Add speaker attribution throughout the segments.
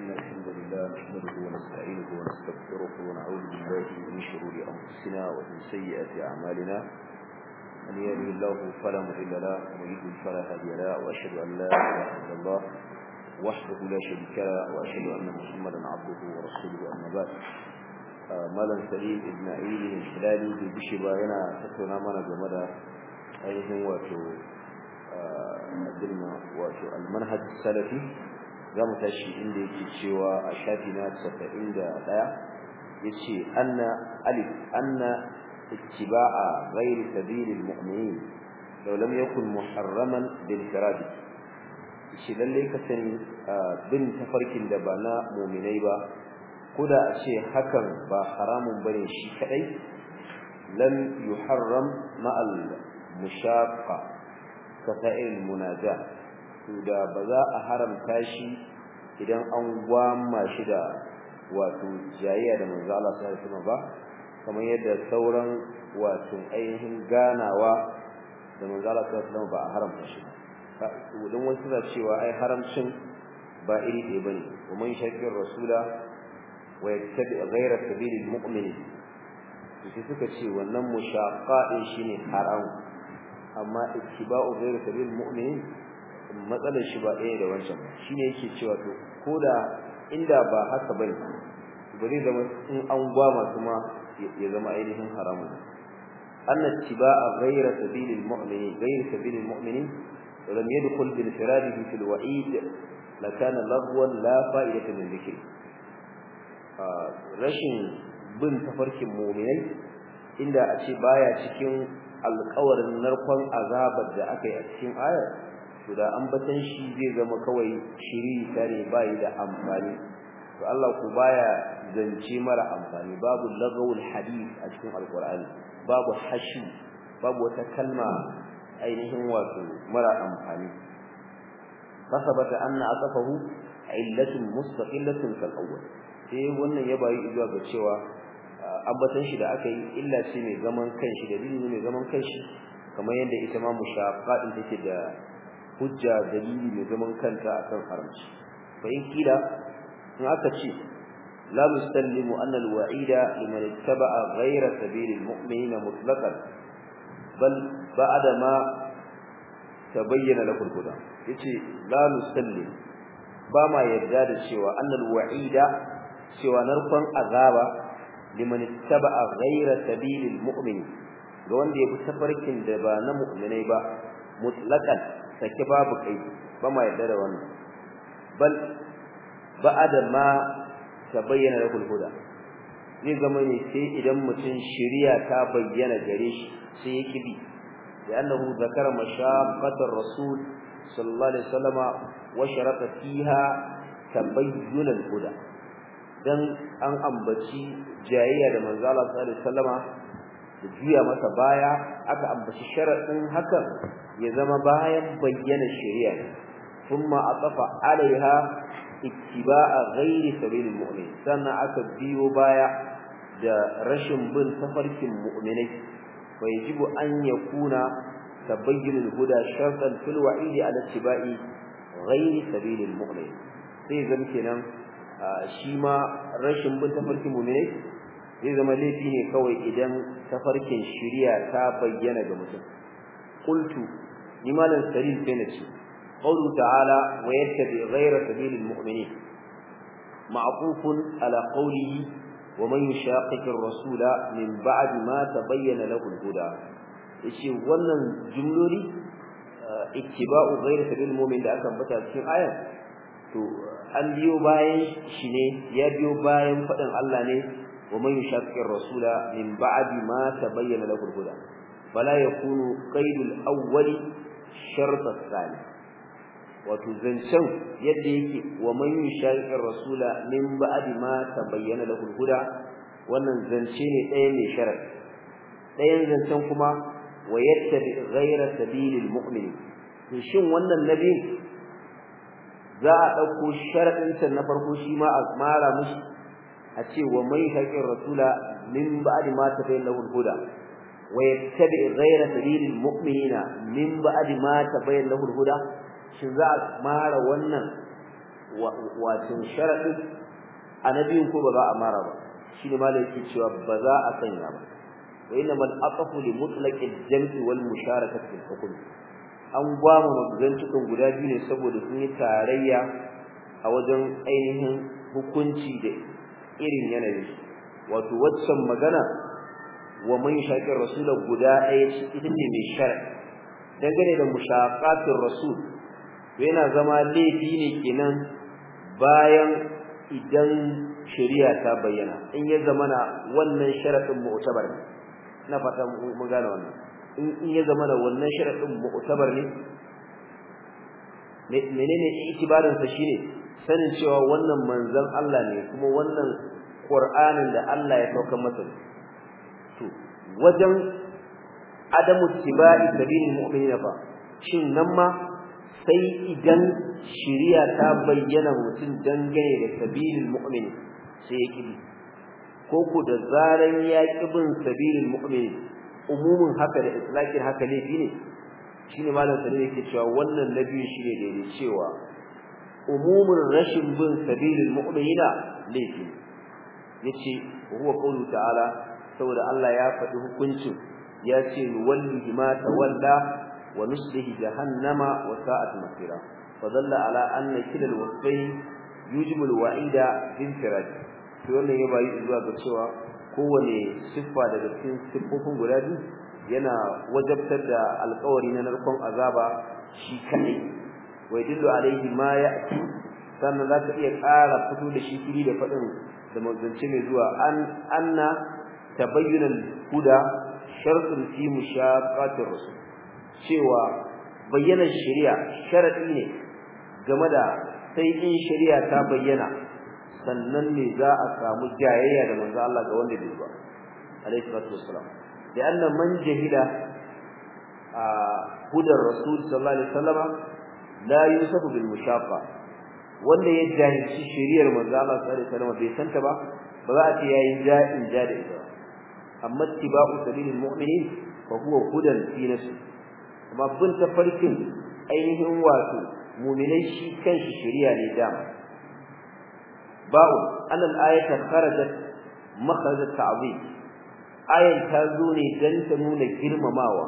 Speaker 1: إن الحمد لله نحمده ونستعينه ونستغفره ونعوذ بالله من شرور أنفسنا ومن سيئات أعمالنا من يهده الله فلا مضل له ومن يضلل فلا هادي له وأشهد أن لا إله إلا الله وحده لا شريك له وأشهد أن محمدا عبده ورسوله أما بعد آه، مالا سليم ابن hilali da bishi ba yana tattauna mana game da ainihin wato addinin wato almanhaj za mu tashi inda yake cewa a shafi na saba'in da ɗaya ya ce anna alif anna ittiba'a ghairi sabilil mu'minin law lam yakun muharraman bil karabi shi lallai ka sani bin tafarkin da ba na mu'minai ba ko da a ce hakan ba haramun bane shi kadai lam yuharram ma'al mushaqqa ka sa'il munajat da ba za a haramta shi idan an gwama shi da wato jayayya da manzo Allah sallallahu alaihi ba kamar yadda sauran wato ainihin ganawa da manzo Allah sallallahu alaihi ba a haramta shi ba don wasu za cewa ai haramcin ba iri ɗaya bane wa man shaqqir rasula wa yattabi ghayra sabili almu'min to suka ce wannan mushaqqa din shine haram amma ittiba'u ghayra sabili almu'min matsalar shi ba ɗaya da wancan ba shine yake cewa to koda inda ba haka bane bari zama in an gwama kuma ya zama ainihin haramun anna tiba ghayra sabilil mu'mini ghayra sabilil mu'mini lam yadkhul bil firadi fi wa'id la kana lagwan la fa'idatan min rashin bin tafarkin mu'minai inda a ce baya cikin alƙawarin narkon azabar da aka yi a cikin ayar to da ambatan shi zai zama kawai shiri tare bai da amfani to Allah ku baya zance mara amfani babu lagawul hadith a cikin alqur'ani babu hashi babu wata kalma ainihin wato mara amfani fasabata anna asafahu illatun mustaqillatin kal awwal sai wannan ya bayi zuwa ga cewa ah, ambatan shi da aka yi illa shi mai zaman kanshi da dinin mai zaman kanshi kamar yadda ita ma din take da hujja dalili mai zaman kanta akan haramci fa in kila in aka ce la nusallimu anna al-wa'ida liman ittaba'a ghayra sabili al-mu'minina mutlaqan bal ba'da ma tabayyana lahu al-huda yace la nusallimu ba ma yarda da cewa anna al-wa'ida cewa narkon azaba liman ittaba'a ghayra sabili mumin ga wanda ya bi tafarkin da ba na mu'minai ba mutlaqan sake babu kai ba ma yadda da wannan bal ba'ada ma tabayyana lahul huda ni zama ne sai idan mutum shari'a ta bayyana gare shi sai yake bi da annahu zakara mashaqqatar rasul sallallahu alaihi wasallama wa sharata fiha tabayyana huda dan an ambaci jayayya da manzo Allah sallallahu alaihi wasallama da juya masa baya aka ambaci sharadin hakan ya zama bayan bayyana shari'a a aqafa alaiha ittiba'a ghairi sabilil mu'min sannan aka biyo baya da rashin bin tafarkin mu'minai wa yajibu an yakuna tabayyinul huda shartan fil wa'idi ala ittiba'i ghairi sabilil mu'min sai zan kenan shi ma rashin bin tafarkin mu'minai zai zama laifi ne kawai idan tafarkin shiriya ta bayyana ga mutum qultu ni malam sarin sai na ce qawlu ta'ala wa yattabi ghayra sabilil mu'minin ma'qufun ala qawlihi wa man yushaqiqir rasula min ba'di ma tabayyana lahu al-huda yace wannan jumloli eh, ittiba'u ghayra sabilil mu'min da aka ambata cikin ayan to an biyo bayan shi ne ya biyo bayan fadin Allah ne ومن يشاقق الرسول من بعد ما تبين له الهدى فلا يكون قيد الأول شرط الثاني wato zancen yadda yake wa man yushaqiqir rasula min ba'di ma tabayyana lahu huda wannan zance ne ɗaya mai sharadi ɗayan zancen kuma wa yattabi ghayra sabilil mu'min to shin wannan nabi za a ɗauko sharadin na farko shi ma a mara a ce wa mai shaqir rasula min ba'di ma tabayyana lahu al-huda wa yattabi ghayra sabilil mu'minina min ba'di ma tabayyana lahu al-huda shin za a mara wannan wato sharadin annabiyin ko ba za a mara ba shine malai yake cewa ba za a sanya ba wa inna man aqafu li mutlaqil jam'i wal musharakati fil hukm an gwama mutuntukan guda biyu ne saboda sun yi tarayya a wajen ainihin hukunci da irin yanayin wato waccan magana wa man shaqir rasul guda ɗaya ce idan ne mai shar'i dangane da mushaqatir rasul to yana zama laifi ne kenan bayan idan shari'a ta bayyana in ya na wannan sharadin mu'tabar ne na fata mun gane wannan in ya na wannan sharadin mu'tabar ne menene itibarin sa shine sanin cewa wannan manzon Allah ne kuma wannan Qur'anin da Allah ya sauka masa to wajen adamu tibai sabil mu'minin fa shin nan ma sai idan shari'a ta bayyana mutum dangane da sabilin mu'min sai ya kibi ko ku da zaran ya kibin sabilin mu'min umumin haka da islakin haka laifi ne shine malam sai yake cewa wannan nabi shine da yake cewa umumin rashin bin sabilin mu'minina laifi yace huwa qawlu ta'ala saboda Allah ya faɗi hukuncin yace wallihi ma tawalla wa nuslihi jahannama wa sa'at masira fa dalla ala anna kila al-wasfayn yujibu al-wa'ida bin firaj to wannan ya bayi zuwa ga cewa kowane siffa daga cikin siffofin guda biyu yana wajabtar da alƙawari na narkon azaba shi kadai wa yadullu alayhi ma ya'ti sannan za ta iya ƙara fito da shi fili da faɗin da manzanci mai zuwa an anna tabayyana huda shartun fi mushaqatir rasul cewa bayyana shari'a sharadi ne game da sai in shari'a ta bayyana sannan ne za a samu jayayya da manzo Allah ga wanda bai zuwa. alaihi salatu wassalam da anna man jahila hudar rasul sallallahu alaihi wasallam la yusafu bil wanda ya jahilci shari'ar manzo Allah sallallahu alaihi wasallam bai santa ba ba za a ce yayi ja'in ja da ita amma tibau sabilil mu'minin fa huwa hudan fi nafsi amma bin tafarkin ainihin wato mu'minai shi kanshi shari'a ne da. ba'u anan ayata kharajat makhrajat ta'zim ayan ta zo ne dan ta nuna girmamawa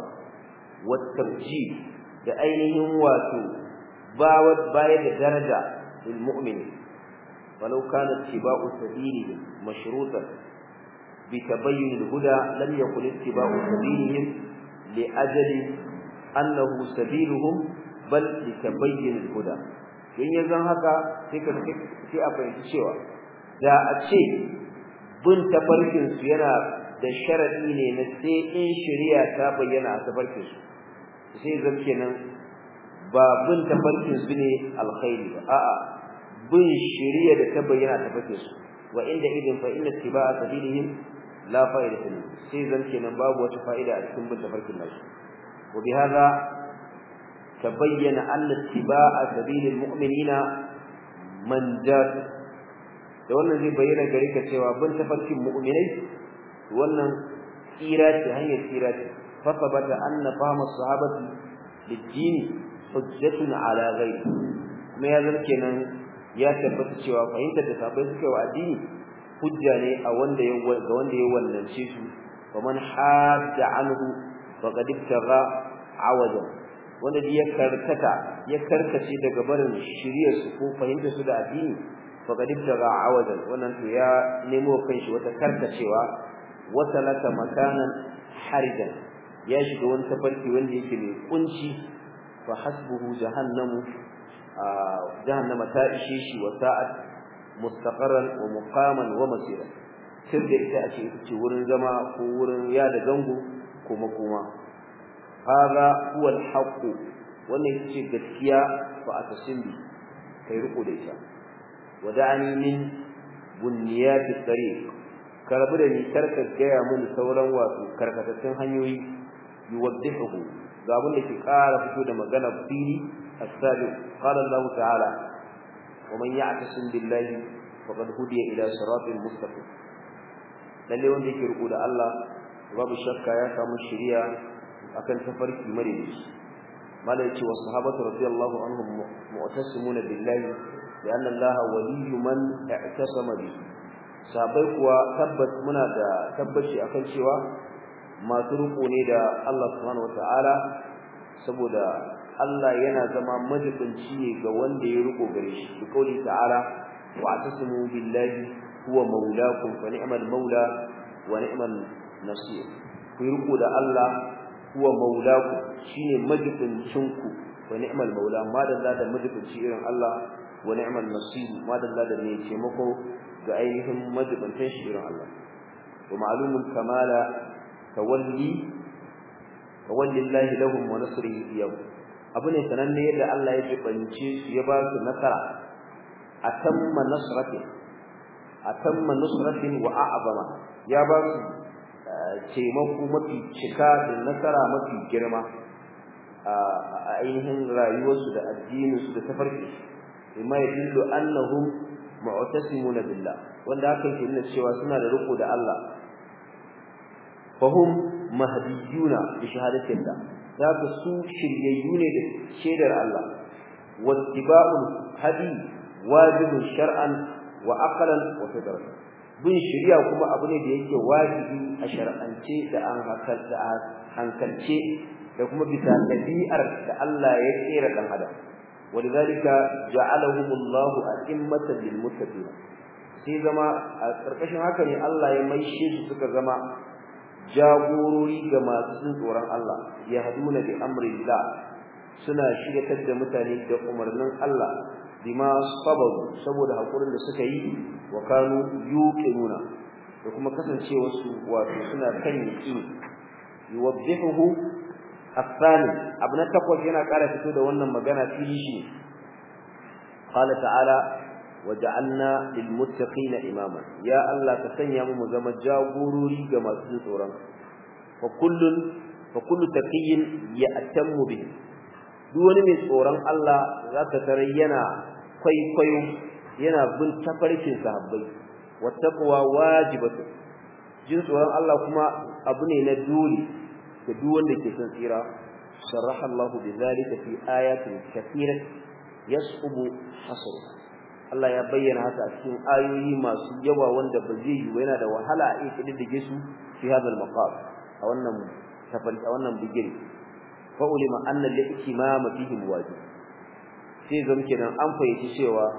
Speaker 1: wa tarjih da ainihin wato baya da daraja للمؤمن فلو كان اتباع سبيلهم مشروطا بتبين الهدى لم يكن اتباع سبيلهم لأجل أنه سبيلهم بل لتبين الهدى in يزن هكا haka sai ka لا أتشي fahimci cewa سينا da sharadi ne na sai in shari'a ta bayyana a tabarkin su sai zan kenan ba bin tabarkin su ne alkhairi a a bin shari'a da ta bayyana ta fake su wa inda idin fa inna tiba'a sabilihim la fa'idata lahu sai zan kenan babu wata fa'ida a cikin bin tafarkin nashi wa bihadha tabayyana anna tiba'a sabilil mu'minina manjat da wannan zai bayyana gare ka cewa bin tafarkin mu'minai wannan tsira ce hanyar tsira ce fa sabata anna fahma sahabati lid-din hujjatun ala ghayri kuma ya zan kenan ya tabbata cewa fahimtar da sahabbai suke wa addini hujja ne a wanda ya ga wanda ya wallance su wa man hadda anhu faqad ibtaga awaja wanda ya karkata ya karkace daga barin shiriyar su ko fahimtar su da addini faqad ibtaga awaja wannan to ya nemo kanshi wata karkacewa wata laka makanan harijan ya shiga wani tafarki wanda yake mai kunci fa hasbuhu jahannamu jahannama ta ishe shi wa sa'at mustaqarran wa muqaman wa masira tun da ita ake ce wurin zama ko wurin ya da zango ko makoma hada huwa alhaq haqq wannan ce gaskiya fa atasimbi kai riko da ita wada'ani min bunniyat at-tariq karabu da ni karka gaya mun sauran wato karkatattun hanyoyi yuwaddihu ga abin da ke ƙara fito da magana fili السابع قال الله تعالى ومن يعتصم بالله فقد هدي إلى صراط مستقيم lalle wanda yake riko da Allah babu shakka ya samu shiriya akan tafarki mare shi malai ce wa sahabatu radiyallahu anhum mu'tasimuna billahi lianna Allah waliyyu man i'tasama bihi sabai kuwa muna da tabbaci akan cewa masu riko ne da Allah subhanahu wataala saboda Allah yana zama majibinci ne ga wanda ya riko gare shi bi kauli ta'ala wa atasimu billahi huwa maulakum fa ni'mal maula wa ni'mal nasir ku riko da Allah huwa maulakum shine majibincin ku wa ni'mal maula madalla da majibinci irin Allah wa ni'mal nasir madalla da ce mako, ga ainihin majibincin shi irin Allah wa ma'lumul kamala tawalli فولي الله لهم ونصره إياه abu ne sananne yadda Allah ya jibance su ya ba su nasara atamma nasrati atamma nusrati wa a'zama ya ba su eh, taimako mafi cika da nasara mafi girma a ainihin rayuwarsu da addinin su da tafarki bima yadullu annahum mu'tasimun billah wanda haka yi nuna cewa suna da riko da Allah fahum mahdiyuna bi da. zaka su shiryayyu ne da shedar Allah wattiba'ul hadi wajibun shar'an wa aqlan wa fidran bin shiriya kuma abu ne da yake wajibi a shar'ance da an hakalta hankalce da kuma bisa dabi'ar da Allah ya tsira dan adam walidhalika ja'alahumullahu a'immatan lilmuttaqin sai zama a karkashin haka ne Allah ya maishe su suka zama jagorori ga masu jin tsoron Allah ya haduna bi amrillah suna shiryatar da mutane da umarnin Allah bima sabab saboda hakurin da suka yi wa kanu yuqinuna da kuma kasancewa su wato suna kan yaqin yuwaddihu الثاني abna takwa yana ƙara fito da wannan magana fili shi qala ta'ala waj'alna lil muttaqina imama ya Allah ka sanya mu mu zama jagorori ga masu tsoron fa kullun fa kullu taqiyyin ya'tammu bi duk wani mai tsoron Allah zaka tarar yana kwaikwayo yana bin tafarkin sahabbai wa taqwa wajibatu jin tsoron Allah kuma abu ne na dole ga duk wanda ke son tsira sharaha Allah bi zalika fi ayatin kathira yasqubu hasruha Allah ya bayyana haka a cikin ayoyi masu yawa wanda ba zai yi yana da wahala a da dige su fi hadal maqam a wannan tafari a wannan bigiri fa ulima anna al-ikmam fihi wajib sai zan kenan an fahimci cewa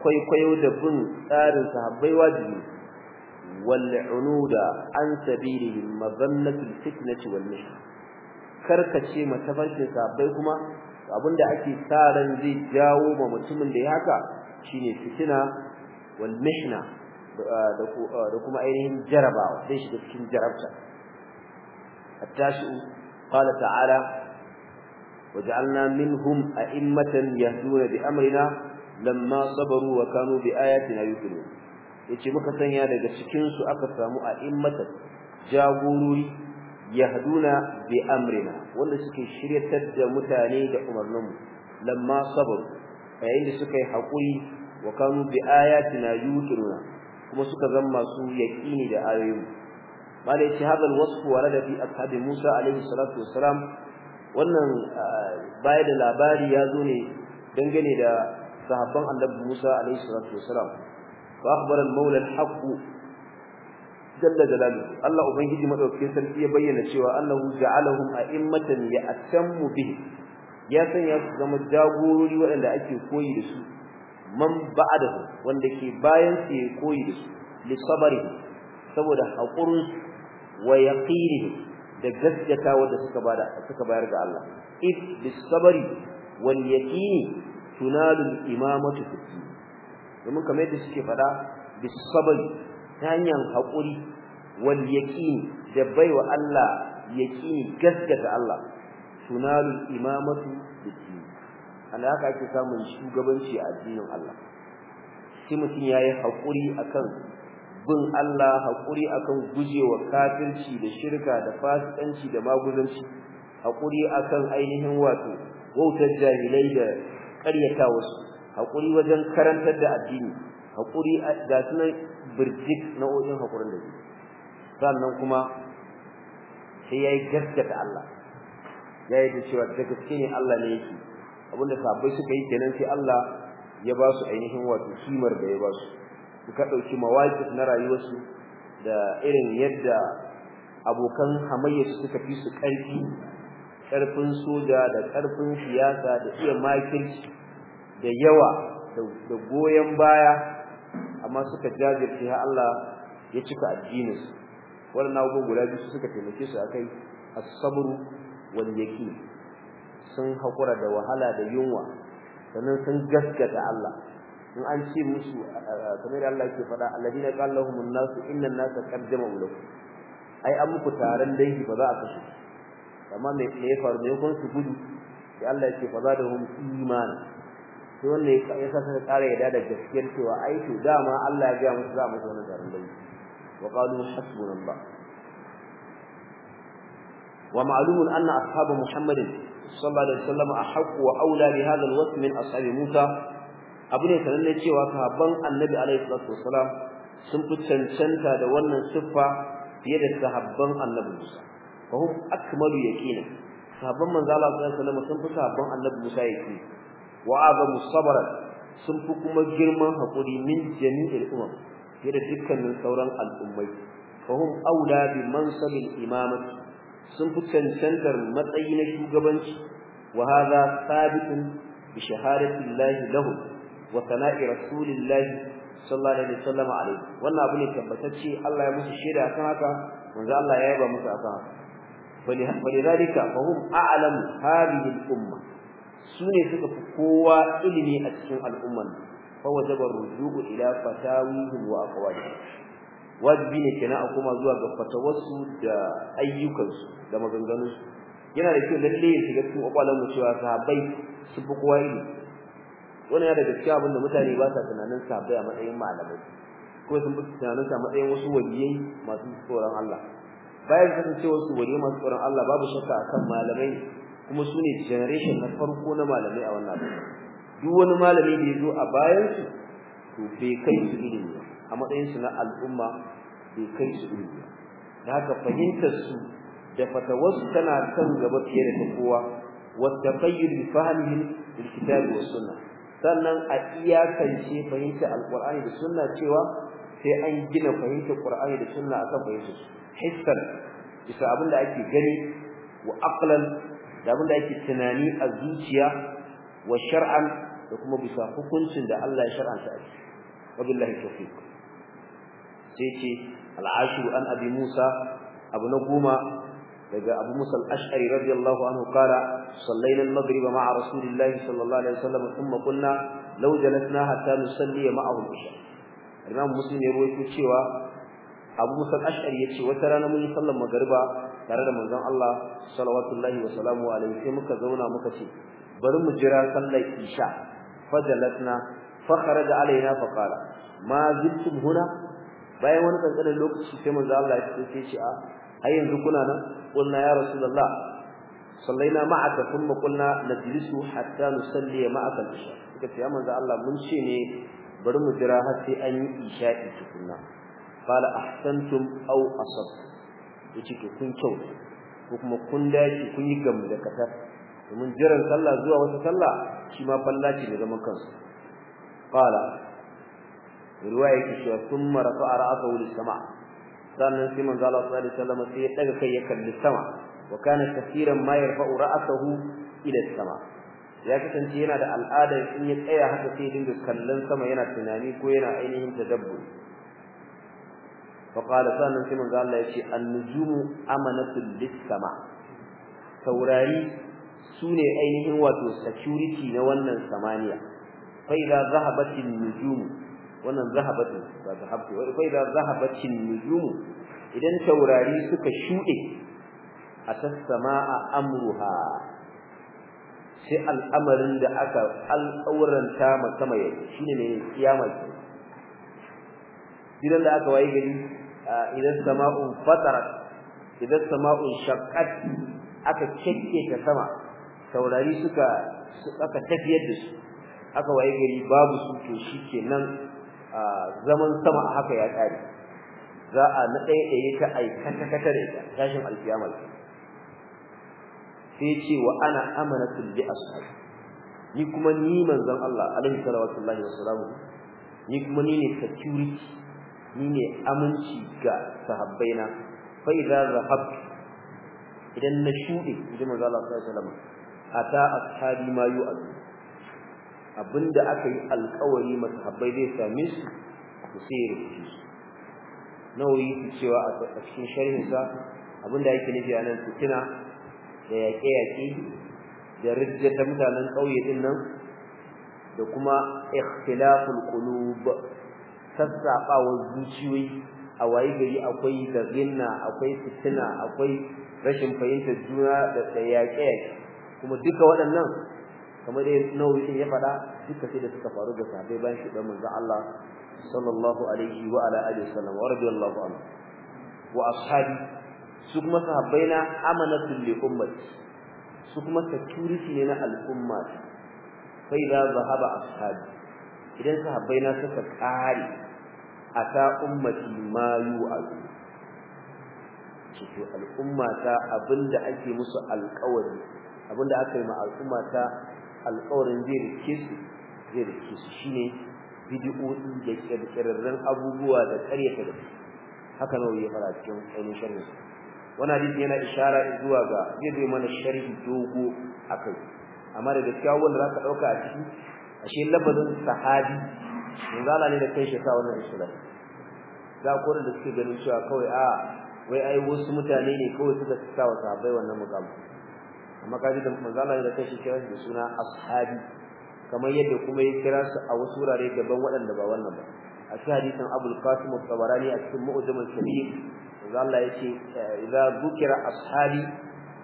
Speaker 1: kwaikwayo da bin tsarin sahabbai wajibi wal da an sabilihim madannatul fitnati wal mishk karkace matafarkin sahabbai kuma abinda ake sa ran zai jawo ma mutumin da ya haka shine fitina wal mihna da kuma ainihin jarabawa sai shiga cikin jarabta attashi qala ta'ala waja'alna minhum a'immatan yahduna bi amrina lamma sabaru wa kanu bi ayatina yuqinun yace muka sanya daga cikin su aka samu a'immatan jagorori yahduna bi amrina wanda suke shiryatar da mutane da umarninmu lamma sabaru yayin da suka yi hakuri wa kanu bi ayatina yuqinuna kuma suka zama masu yaqini da ayoyin malai shi hadal wasfu warada fi ashabi Musa alaihi salatu wassalam wannan baya da labari ya zo ne dangane da sahabban annabi Musa alaihi salatu wassalam wa akhbara al-mawla al-haqq jalla jalaluhu Allah ubangiji madaukakin sarki ya bayyana cewa annahu ja'alahum a'immatan ya'tammu bihi ya sanya su zama jagorori waɗanda ake koyi da su man ba'adahu wanda ke bayan su ya koyi da su li sabari saboda haƙurin wa yaqini da gaskata wanda suka bada suka bayar ga Allah if bi sabari wal yaqini tunalu imamatu fi domin kamar yadda suke faɗa bi sabari ta hanyar haƙuri wal yaqini da baiwa Allah yaqini gaskata Allah tunal imamatu biki ana haka ake samun shugabanci a addinin Allah sai mutum yayi hakuri akan bin Allah hakuri akan gujewa kafirci da shirka da fasikanci da maguzanci hakuri akan ainihin wato wautar jahilai da ƙaryata wasu hakuri wajen karantar da addini hakuri ga sunan birjik ojin hakurin da sannan kuma sai yayi gaskata Allah ya yi da cewa da gaske ne Allah ne yake abinda sabai suka yi kenan sai Allah ya ba su ainihin wato kimar da ya ba su suka ɗauki mawaki na rayuwarsu da irin yadda abokan hamayya suka fi su ƙarfi karfin soja da ƙarfin siyasa da iya makirci da yawa da goyon baya amma suka jajirce har Allah ya cika addinin su wannan abubuwa guda biyu suka taimake su akai as-sabr wal sun haƙura da wahala da yunwa sannan sun gaskata Allah in an ce musu kamar da Allah yake faɗa alladina qala lahum an-nasu inna an-nasa qad jama'u lakum ai an muku taron dangi ba za a kashe amma me ya faru ne kun su gudu sai Allah yake da hum iman to wanda ya sa sai ƙara yada da gaskiyar cewa ai to dama Allah ya ga musu za mu zo na taron dangi wa qalu hasbunallah ومعلوم أن أصحاب محمد صلى الله عليه وسلم أحق وأولى بهذا الوصف من أصحاب موسى abu ne sanan cewa sahabban annabi alaihi salatu wasalam sun fi cancanta da wannan siffa fiye da sahabban annabi Musa fa hum akmalu yaqina sahabban manzo Allah sallallahu alaihi wasallam sun fi sahabban annabi Musa yaqini wa azamu sabra sun fi kuma girman hakuri min jami'il umam fiye da dukkanin sauran al'ummai fa hum aula bi sun fi cancantar matsayi na shugabanci wa haza sabitin bi shahadatin wa sana'i rasulin lahi wannan abu ne tabbatar ce Allah ya musu shaida akan haka manzo Allah ya yaba musu akan haka fali zalika fa hum a'lam hadhihi al-umma sune suka fi kowa ilimi a cikin al'umman fa wajaba rujuu ila fatawihi wa aqwalihi wajibi ne kenan a koma zuwa ga fatawarsu da ayyukansu da maganganunsu yana da kyau lalle ya shiga cikin kwakwalen mu cewa sahabbai su fi kowa ne. wannan yana daga cewa abinda mutane ba sa tunanin sahabbai a matsayin malamai ko sun fi tunanin sa matsayin wasu waliyai masu tsoron Allah bayan kasancewar wasu waliyai masu tsoron Allah babu shakka akan malamai kuma su ne generation na farko na malamai a wannan duk wani malami da ya zo a bayan su to bai kai su ilimi ba a na al'umma bai kai su ilimi da haka fahimtar su da fatawarsu tana kan gaba fiye da ta kowa wadda fayyul fahimhin lil kitabi was sannan a iyakance fahimta Alƙur'ani da sunna cewa sai an gina fahimtar ƙur'ani da sunna akan fahimtar su hissan bisa abin da ake gani wa aqlan da abin da ake tunani a zuciya wa shar'an da kuma bisa hukuncin da Allah ya shar'anta a ciki wabillahi tawfiq sai ce al-ashru an abi musa abu na goma daga abu musa al-ash'ari radiyallahu anhu qala sallayna al-maghrib ma'a rasulillahi sallallahu alaihi wasallam thumma qulna law jalasna hatta nusalli ma'ahu al-isha imam muslim ya rawaito cewa abu musa al-ash'ari yace wata rana mun yi sallar magriba tare da manzon Allah sallallahu wa salamu alaihi sai muka zauna muka ce bari mu jira sallar isha fajalatna fa kharaja alaina fa qala ma ziltum huna bayan wani kankanin lokaci sai manzo Allah ya ce shi a ah, har yanzu kuna nan kullana ya rasulullah sallaina ma'aka kuma kullana najlisu hatta nusalli ma'aka isha kace ya manzo Allah mun ce ne bari mu jira har sai an yi isha'i tukunna qala ahsantum aw asab yace to kun kyau ko kuma kun dace kun yi gamu da kasar domin jiran sallah zuwa wata sallah shi ma fallaci ne zaman kansu qala riwaya yake cewa thumma rafa'a ra'sahu lis sama sannan sai manzo Allah sallallahu alaihi wasallam sai ya daga kai ya kalli sama wa kana kaseeran ma yarfa'u ra'sahu ila sama ya kasance yana da al'ada in ya tsaya haka sai dinga kallon sama yana tunani ko yana ainihin tadabbur fa qala sannan sai manzo Allah ya ce an-nujumu amanatul lis sama saurari sune ainihin wato security na wannan samaniya fa idza zahabatin nujumu wannan zahabat ba ta zahabti wai fa idan zahabatin nujum idan taurari suka shude atassamaa amruha sai al'amarin da aka al'auranta ma sama yau shine ne kiyama ce idan da aka waye gari idan sama'un fatarat idan sama'un shaqqat aka kekke ta sama taurari suka aka tafiyar da su aka waye gari babu su to shikenan zaman sama a haka ya kare za a na ɗaya ɗaya ta aikata kata da ita tashin alkiyama sai ce wa ana amanatul bi ashabi ni kuma ni manzon Allah alaihi salatu wallahi salamu ni kuma ni ne security ni ne aminci ga sahabbaina fa idza zahab idan na shuɗe ji manzo Allah sallallahu alaihi wasallam ata ashabi ma yu'adu abinda aka yi alƙawari masahabbai zai same su to sai ya rubuce su nawawi yake cewa a cikin sharhinsa abinda yake nufi a nan fitina da yaƙe-yaƙe da rijjar da mutanen ƙauye din nan da kuma ikhtilaful qulub sassaɓawar zuciyoyi a waye gari akwai gazinna akwai fitina akwai rashin fahimtar juna da yaƙe-yaƙe kuma duka waɗannan kamar dai nawawi din ya faɗa duka sai da suka faru da sahabbai bayan shi dan manzo Allah sallallahu alaihi wa ala alihi wasallam wa radiyallahu anhu wa ashabi su kuma sahabbaina amanatul li ummati su kuma security ne na al'umma fa idza zahaba ashabi idan sahabbaina suka kare ata ummati ma yu'adu cikin al'umma ta abinda ake musu alƙawari abinda aka yi ma al'umma ta alƙawarin zai rike su zai rike su ne bid'o'i da ƙirƙirarren abubuwa da ƙaryata da haka nawa ya fara cikin ainihin sharhi wannan hadisi yana ishara zuwa ga zai zai mana sharhi dogo a kai. amma da gaskiya wanda za ka ɗauka a ciki ashe labarin sahabi yanzu Allah ne da kai shi sa wannan islam Za koren da suke ganin cewa kawai a ah, wai ai wasu mutane ne kawai suka sa wa sahabbai wannan muƙamu. amma kaji da manzo Allah da kashi kira da suna ashabi kamar yadda kuma ya kira su a wasu wurare daban waɗanda ba wannan ba a cikin hadisin Abul Qasim al-Tabarani a cikin Mu'jam al-Kabir manzo Allah yace idza dhukira ashabi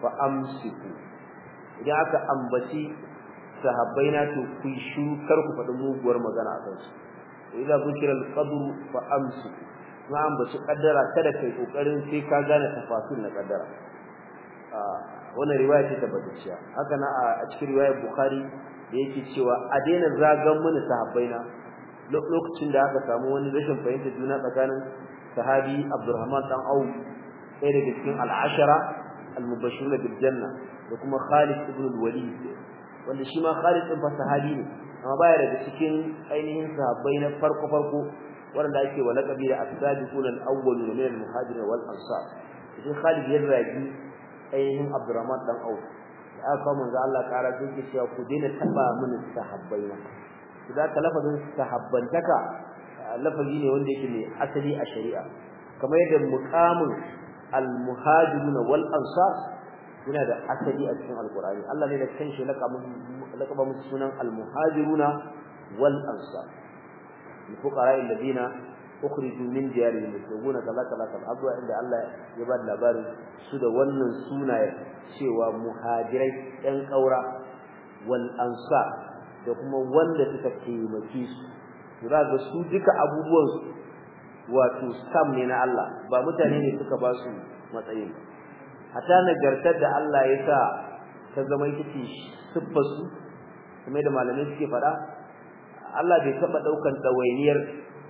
Speaker 1: fa amsiku idan aka ambaci sahabbaina to ku shiru kar ku faɗi muguwar magana akan su idza dhukira al-qadr fa amsiku ma ambaci kaddara kada kai kokarin sai ka gane tafasil na kaddara ah, wannan riwaya ce tabbatacciya haka na a cikin riwayar bukhari da yake cewa a daina zagan mana sahabbaina lokacin da aka samu wani rashin fahimta juna tsakanin sahabi abdurrahman dan au ɗaya daga cikin al'ashara al-mubashiruna bil janna da kuma khalid ibn al-walid wanda shi ma khalid din fa sahabi ne amma baya daga cikin ainihin sahabbai na farko farko wanda ake wa laqabi da as-sabiqun al-awwaluna min al-muhajirin wal ansar shi khalid ya ragi ainihin Abdurrahman dan Auf da aka manzo Allah kara duki cewa ku daina taba mini sahabbai na idan ka lafazin sahabbantaka lafazi ne wanda yake ne asali a shari'a kamar yadda muqamul al-muhajirun wal ansar yana da asali a cikin alqur'ani Allah ne da kanshi laqaba sunan al-muhajiruna wal ansar الفقراء الذين أخرجوا من ديارهم يبتغون كذا كذا كذا أبوا عند الله يبعد labarin. su da wannan sunayen cewa muhajirai ɗan ƙaura wal ansa da kuma wanda suka taimake su za ga su duka abubuwan wato sam ne na Allah ba mutane ne suka ba su matsayin hata nagartar da Allah ya sa ta zama ita ce siffar kuma da malamai suke faɗa Allah bai taɓa ɗaukan ɗawainiyar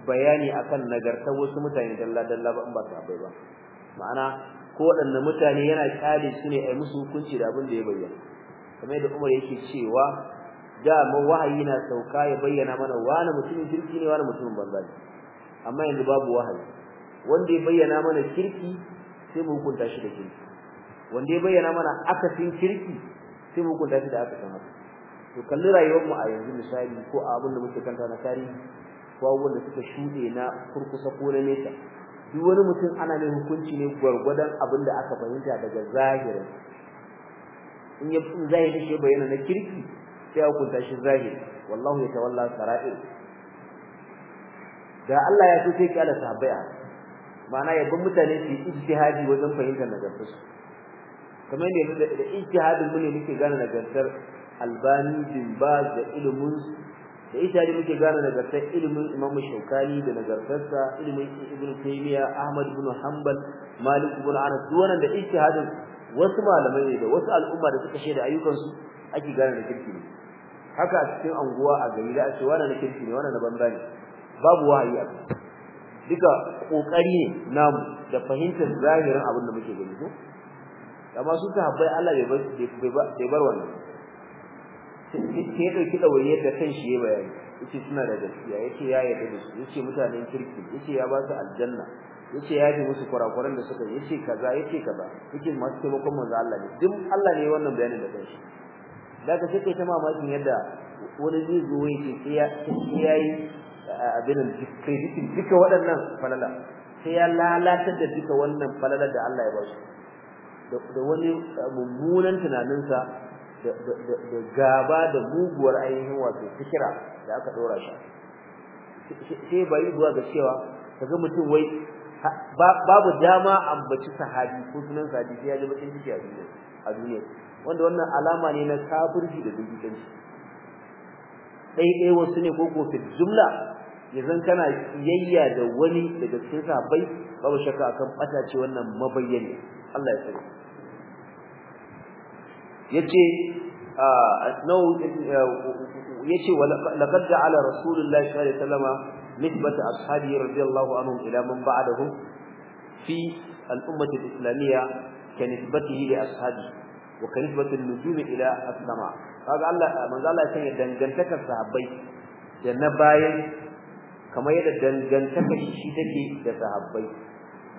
Speaker 1: bayani akan nagartar wasu mutane dalla dalla ba in ba su abai ba ma'ana ko waɗanne mutane yana kyale su ne a musu hukunci da abin da ya bayyana kamar yadda Umar yake cewa da mu wahayi na sauka ya bayyana mana wani mutumin kirki ne wani mutumin banza ne amma yanzu babu wahayi wanda ya bayyana mana kirki sai mu hukunta shi da kirki wanda ya bayyana mana akasin kirki sai mu hukunta shi da akasin haka to kalli rayuwar mu a yanzu misali ko a abin da muke kanta na tarihi ko abin da suka shuɗe na kurkusa ko na nesa duk wani mutum ana mai hukunci ne gwargwadon abin da aka fahimta daga zahirin in ya fi zahiri shi bayyana na kirki sai hukunta shi zahiri wallahu yatawalla sara'i da Allah ya so sai ala sahabbai ma'ana bin mutane su yi ijtihadi wajen fahimtar su kamar yadda da ijtihadin mu ne muke gane nagartar albani bin baz da ilimin da ita ne muke gane nagartar ilimin Imam Shaukani da nagartarsa ilimin Ibn Taymiyyah Ahmad ibn Hanbal Malik ibn Anas wanda da hadin wasu malamai ne da wasu al'umma da suka shaida ayyukan su ake gane da kirki ne haka a cikin anguwa a gari da ake wannan na kirki ne wannan na banza ne babu wahayi a duka kokari ne namu da fahimtar zahirin abin da muke gani ko amma su ta habbai Allah bai bar bai bar wannan sai ya dauki dawaye yadda kan shi bayani yace suna da gaskiya yace ya yarda da su yace mutanen kirki yace ya ba su aljanna yace ya ji musu kurakuran da suka yace kaza yace kaza yace masu taimakon manzo Allah ne duk Allah ne wannan bayanin da kan shi daga sai kai ta mamakin yadda wani zai zo yace sai ya abin da kike kreditin duka waɗannan falala sai ya lalatar da duka wannan falala da Allah ya ba shi da wani mummunan tunaninsa da gaba da muguwar ainihin wato fikira da aka dora shi sai bai zuwa ga cewa kaga mutum wai babu dama ambaci sahabi ko sunan sahabi ya ji bakin ciki a duniya wanda wannan alama ne na kafirci da dukkanci dai dai wasu ne ko ko fi jumla yanzu kana yayya da wani daga cikin sahabbai babu shakka akan bata ce wannan mabayyane Allah ya sani yace ah, nau yace laqad ja'ala rasulullahi sallallahu alaihi wasallam nisbata ashabi radiyallahu anhum ila man ba'dahum fi al-ummah al-islamiyya kanisbatihi li ashabi wa kanisbati an-nujum ila as-sama kaga Allah manzo Allah ya sanya sahabbai da na bayan kamar yadda dangantaka shi take da sahabbai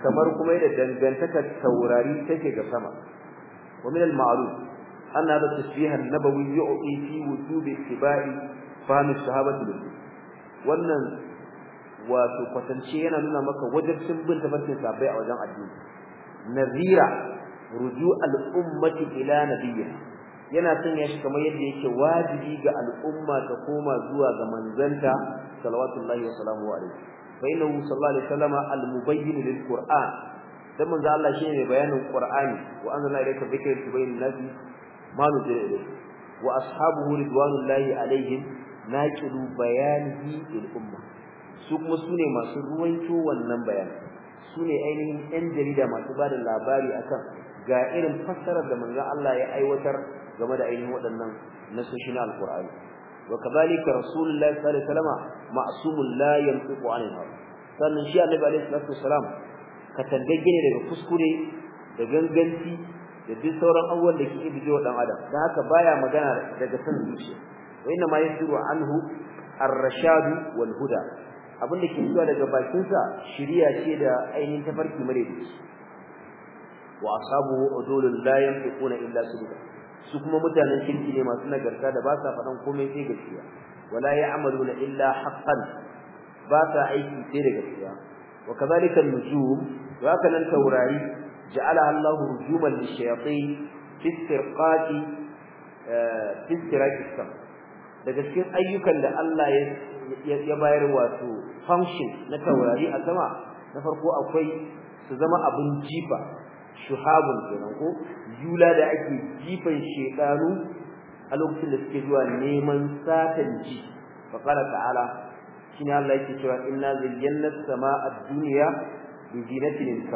Speaker 1: kamar kuma yadda dangantaka taurari take ga sama wa min al-ma'ruf أن هذا التشبيه النبوي يعطي في وجوب اتباع فهم الصحابة له wannan wato kwatance yana nuna maka wajen bin tafarkin sahabbai a wajen addini nazira ruju al'ummati ila nabiyya yana sanya shi kamar yadda yake wajibi ga al'umma ta koma zuwa ga manzanta salawatullahi wa salamu alaihi fa innahu sallallahu alaihi wasallam al-mubayyin lil qur'an dan manzo Allah shine mai bayanin qur'ani wa anzalna ilayka dhikra tubayyana lin-nasi ma nuzila ilayhi wa ashabuhu ridwanullahi alaihim naqilu bayanihi lil umma su kuma sune masu ruwan ruwanto wannan bayan? sune ainihin ɗan jarida masu bada labari akan ga irin fassarar da manzon Allah ya aiwatar game da ainihin waɗannan nasoshin alqur'ani wa kadhalika rasulullahi sallallahu alaihi wasallam ma'sumun la yantiqu anil hawa sannan shi annabi alaihi ne daga kuskure da ganganci da duk sauran abubuwan da ke bijo dan adam da haka baya magana daga san zuciya wa inna ma yasiru anhu ar-rashad wal huda abin da ke zuwa daga bakin sa shiriya ce da ainihin tafarki mare da shi wa asabu udulul la yanfiquna illa sidqa su kuma mutanen kirki ne masu nagarta da ba sa fadan komai sai gaskiya wala ya'maluna illa haqqan ba sa aiki sai da gaskiya wa kadhalika an-nujum wa kana taurari Ja'ala Allahu rujuman lishayatin fi istirqati fi istiraqi sam daga cikin ayyukan da Allah ya ya bayar wato function na taurari a sama na farko akwai su zama abin jifa shuhabun kenan ko yula da ake jifan shedanu a da suke zuwa neman satan ji fa qala ta'ala shine Allah yake cewa inna zayyana as-samaa ad-dunya bi zinatin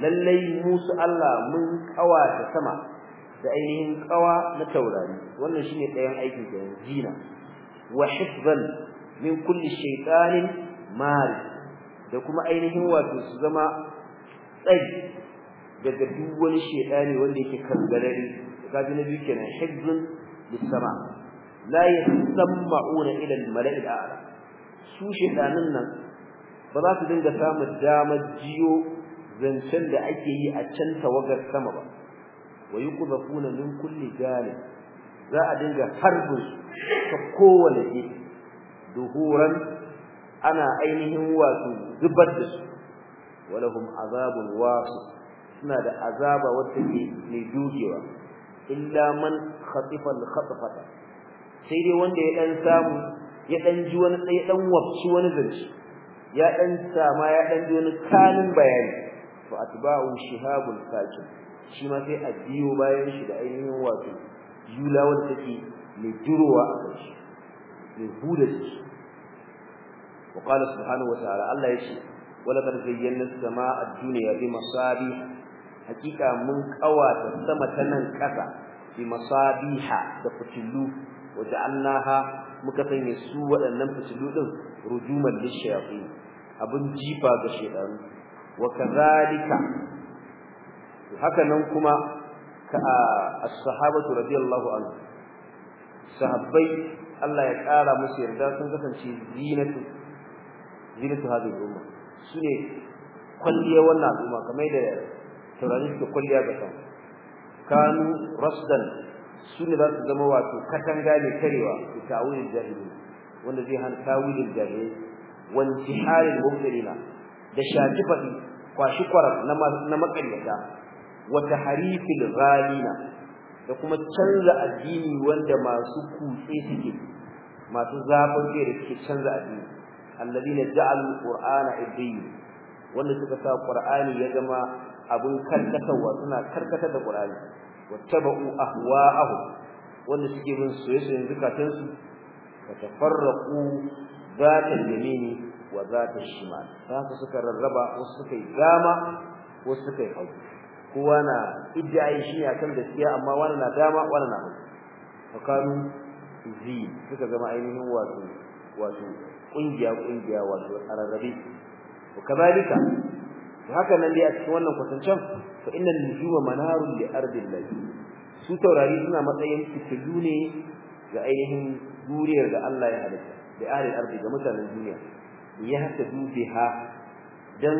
Speaker 1: lallai musu Allah mun kawa ta sama da ainihin kawa na taurari wannan shine ɗayan aikin da zina wa hifzan min kulli shaytanin mari da kuma ainihin wato su zama tsayi daga duk wani shaytani wanda yake kangarare kaji na kenan hifzan sama. la yasamma'una ila al-mala'il a'la su shaytanin nan ba za su dinga samun damar jiyo zancen da ake yi a can tawagar sama ba wa yuqdafuna min kulli jalib za a dinga harbin ta kowane gefe duhuran ana ainihin wasu zubar da su walahum azabun wasu suna da azaba wacce ke mai dogewa. illa man khatifa al sai dai wanda ya dan samu ya dan ji wani sai dan wabci wani zance ya dan sama ya dan ji wani kanin bayani fa atba'u shihabul fakin shi ma sai a biyo bayan shi da ainihin wato yula wanda take mai durowa a kai shi mai shi wa qala subhanahu wa ta'ala Allah yace wala qad zayyana as-samaa'a ad-dunya bi masabih hakika mun ƙawata sama ta nan kasa bi masabiha da fitilu wa ja'alnaha muka sanya su waɗannan fitilu din rujuman lishayatin abun jifa ga shedanu wa kadhalika haka nan kuma as-sahabatu radiyallahu anhu sahabbai Allah ya kara musu yarda sun kasance zinatu zinatu hadhihi umma sune kulliya wannan al'umma kamar da turani suke kulliya ga kan kanu rasdan sune za su zama wato katanga ne karewa ta tawilin wanda zai hana tawilin da shafi fadi kwashi kwarar na makaryata wata harifin ghalina da kuma canza addini wanda masu kutse suke masu zafin kai da suke canza addini alladina ja'al qur'ana ibdiyin wanda suka sa qur'ani ya zama abin karkatarwa suna karkatar da qur'ani wattaba'u ahwa'ahu wanda suke bin soyayyen zukatansu wa tafarraqu zata yamini wa zata shimal haka suka rarraba wasu suka yi dama wasu suka yi hagu kowa na idda shi ne akan gaskiya amma wani na dama wani na hagu kanu zi suka zama ainihin wato wato kungiya kungiya wato ararrabe to kadalika haka nan dai a cikin wannan kwatancen fa innal nujuma manarun li ladhi su taurari suna matsayin fitilu ne ga ainihin duniyar da Allah ya halitta da ahlil ardi ga mutanen duniya yahtadu ha dan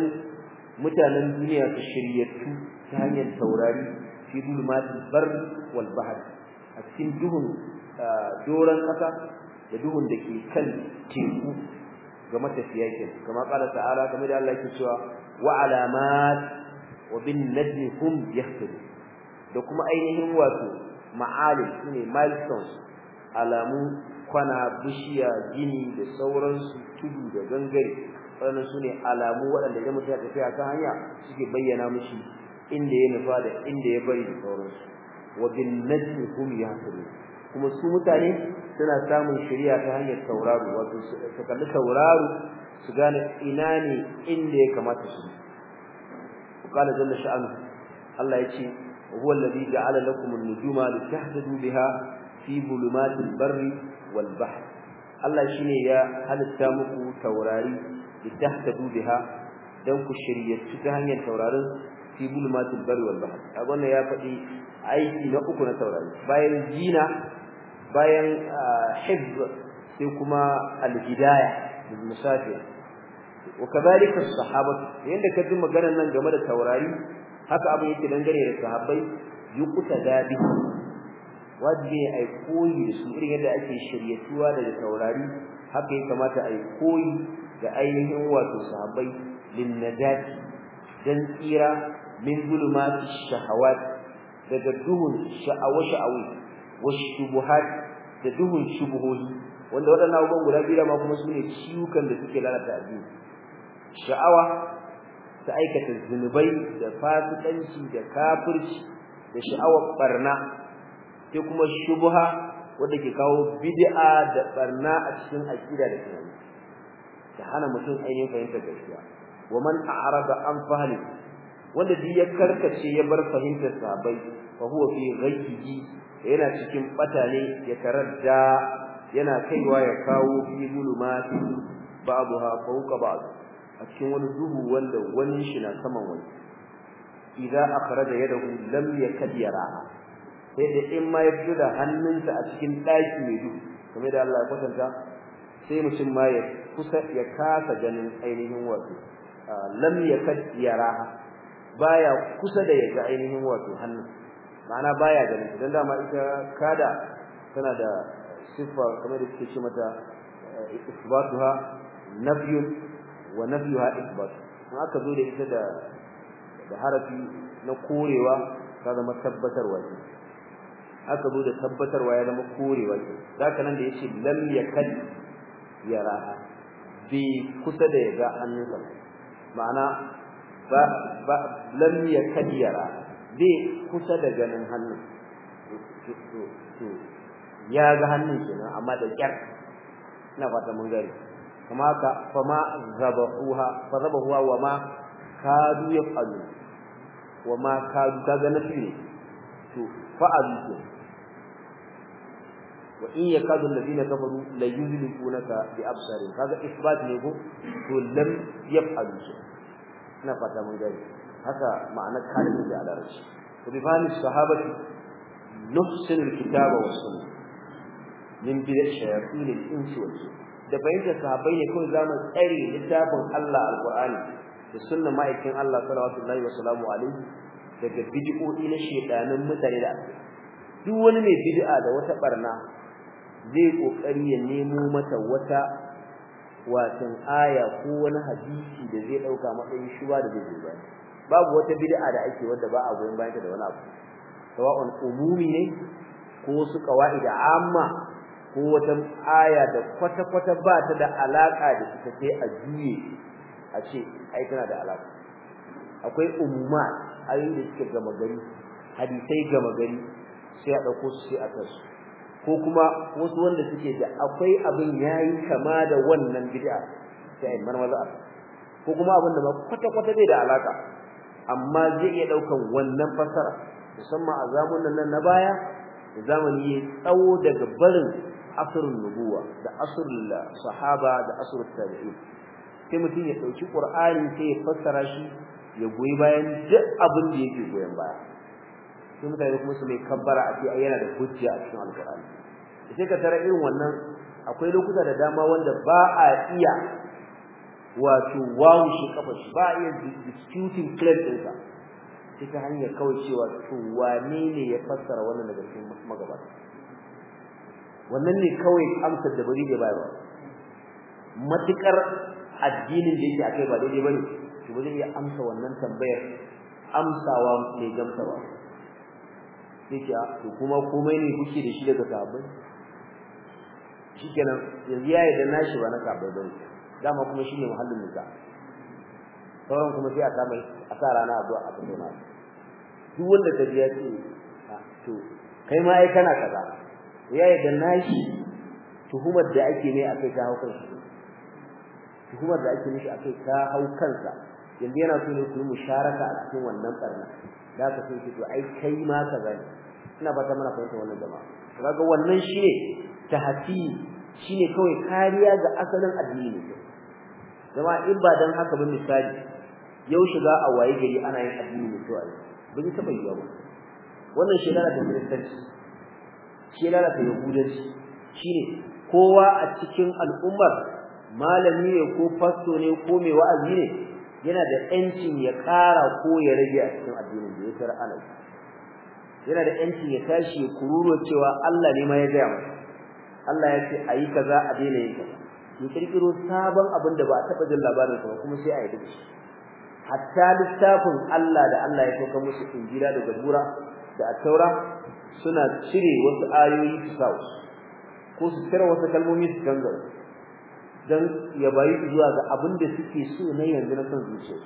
Speaker 1: mutanen duniya su shiryatu ta hanyar taurari fi dulmatil bar wal a cikin duhun doran kasa da duhun da ke kan teku ga matafiya ke kama qala ta'ala kamar da Allah yake cewa wa alamat wa bin najmi yahtadu da kuma ainihin wato ma'alim shine milestones alamu kwana bishiya gini da sauransu tudu da gangare waɗannan su ne alamu waɗanda idan mutum ya tafiya hanya suke bayyana mishi inda ya nufa da inda ya bari da sauransu wa bin najmi hum yahtadun kuma su mutane suna samun shari'a ta hanyar tauraro wato su kalli tauraro su gane ina ne inda ya kamata su qala jalla sha'anu Allah yace huwa alladhi ja'ala lakum an-nujuma litahtadu biha fi bulumatil barri wal bahr Allah shine ya halitta muku taurari litahtadu biha dan ku shiryatu ta hanyar taurarin fi bulmatil bari wal bahr ya faɗi aiki na uku na taurari bayan jina bayan ah, hizb sai kuma al hidayah lil musafir وكذلك الصحابه yanda kaji maganar nan game da taurari haka abin yake dangane da sahabbai yuqta dabi wajibi ai koyi da su irin yadda ake shiryatuwa daga taurari haka ya kamata ai koyi da ainihin wato sahabbai lin najati tsira min zulumati shahawat daga duhun sha'awa sha'awi wasu shubuhat da duhun shubuhohi wanda waɗannan abubuwan guda biyu ma kuma sune ciwukan da suke lalata addini sha'awa ta aikata zunubai da fasikanci da kafirci da sha'awar barna sai kuma shubha wanda ke kawo bid'a da barna a cikin aqida da tunani ta hana mutum ainihin fahimtar gaskiya wa man a'rada an wanda duk ya karkace ya bar fahimtar sabai fa huwa fi ghaybihi yana cikin batane ya taradda yana kaiwa ya kawo fi zulumati ba'daha fawqa ba'd a cikin wani duhu wanda wani shi na saman wani idza akhraja yadahu lam yakad yaraha da in ma ya fito da hannunsa a cikin ɗaki mai duhu kuma da Allah ya kwatanta sai mutum ma ya kusa ya kasa ganin ainihin wato lam yakad yaraha baya kusa da yaga ainihin wato hannun ma'ana baya ganin dan dama ita kada tana da sifa kamar da kike shi mata eh, isbatuha nafyun wa nafyuha isbat ma aka zo da ita da da harafi na korewa ta zama tabbatar ce aka zo da tabbatarwa ya zama korewa zaka nan da yace lam yakad yara bi kusa da yaga hannunsa ma'ana ba ba lam yakad yara bi kusa da ganin hannun ya ga hannun ne amma da kyar na fata mun gari kuma ka ma zabahuha fa zabahuha wa ma kadu yaqalu wa ma kadu ga nafi ne to fa'alu wa in yakadu alladhina kafaru la yuzlikunaka bi absarin kaga isbat ne ko to lam yaf'alu ina fata mun gani haka ma'anar kalmar da alarci to bi fani sahabati nufsil kitaba wa sunna min bid'a shayatin al-insi wal da bayyana sahabai ne kawai zamu tsare littafin Allah alqur'ani da sunnar ma'aikin Allah sallallahu alaihi wa sallamu alaihi daga bid'o'i na shedanin mutane da duk wani mai bid'a da wata barna zai kokari ya nemo mata wata watan aya ko wani hadisi da zai dauka matsayin shuba da zai zuba. babu wata bid'a da ake wanda ba a goyon bayan ta da wani abu sawa'un umumi ne ko su qawaida amma ko wata aya da kwata kwata ba ta da alaka da ita sai a juye a ce ai tana da alaka akwai umuma ayoyi da suke gama gari hadisai gama gari sai a dauko su sai a tasu ko kuma wasu wanda suke da akwai abin yayi kama da wannan bid'a sai marmaza ko kuma abin da ba kwata kwata bai da alaka amma zai iya daukan wannan fasara musamman a zamanin nan na baya zamani ya tsawo daga barin asrul nubuwa da asrul sahaba da asrul tabi'in sai mutum ya dauki qur'ani sai ya fassara shi ya goyi bayan duk abin da yake goyen baya sai mutane kuma su mai kabbara a ce yana da hujja a cikin alkur'ani sai ka tara irin wannan akwai lokuta da dama wanda ba a iya wato wawu shi kafa shi ba a iya disputing claim sa sai ta hanyar kawai cewa to wane ne ya fassara wannan daga cikin magabata wannan ne kawai amsar da bari da baya ba matukar addinin da yake akai ba daidai bane to bari ya amsa wannan tambayar amsawa mai gamsawa yake a ah, to kuma komai ne kuke da shi daga sahabbai shikenan yanzu yayi da nashi ba na sahabbai ba dama kuma shine muhallin nika sauran kuma sai a sa mai a sa rana a zuwa a tattauna duk wanda ta ya ce ah, to kai ma ai kana kaza yayi da nashi tuhumar da ake ne akai ta haukan shi tuhumar da ake mishi akai ta sa yanzu yana so ne ku yi musharaka a cikin wannan barna da ka so ki to ai kai ma ka zani ina ba ta mana fahimta wannan jama'a kaga wannan shine tahati shine kawai kariya ga asalin addini jama'a in ba dan haka ba misali yau shiga a waye gari ana yin addini ne to ai ban yi taba wannan shi lalata kristanci shi lalata yahudanci shine kowa a cikin al'ummar malami ne ko fasto ne ko mai wa'azi ne yana da yancin ya ƙara ko ya rage a cikin addinin da ya Allah yana da ƴancin ya tashi kururo cewa Allah ne ma ya gaya masa Allah ya ce ayi kaza a daina yin kaza kirkiro sabon abin da ba a taɓa jin labarin sa ba kuma sai a yi dace. hatta littafin Allah da Allah ya sauka musu injila da zabura da attaura suna cire wasu ayoyi su sa ko su cire wasu kalmomi su canza dan ya bayi zuwa ga abin da suke so na yanzu na son zuciya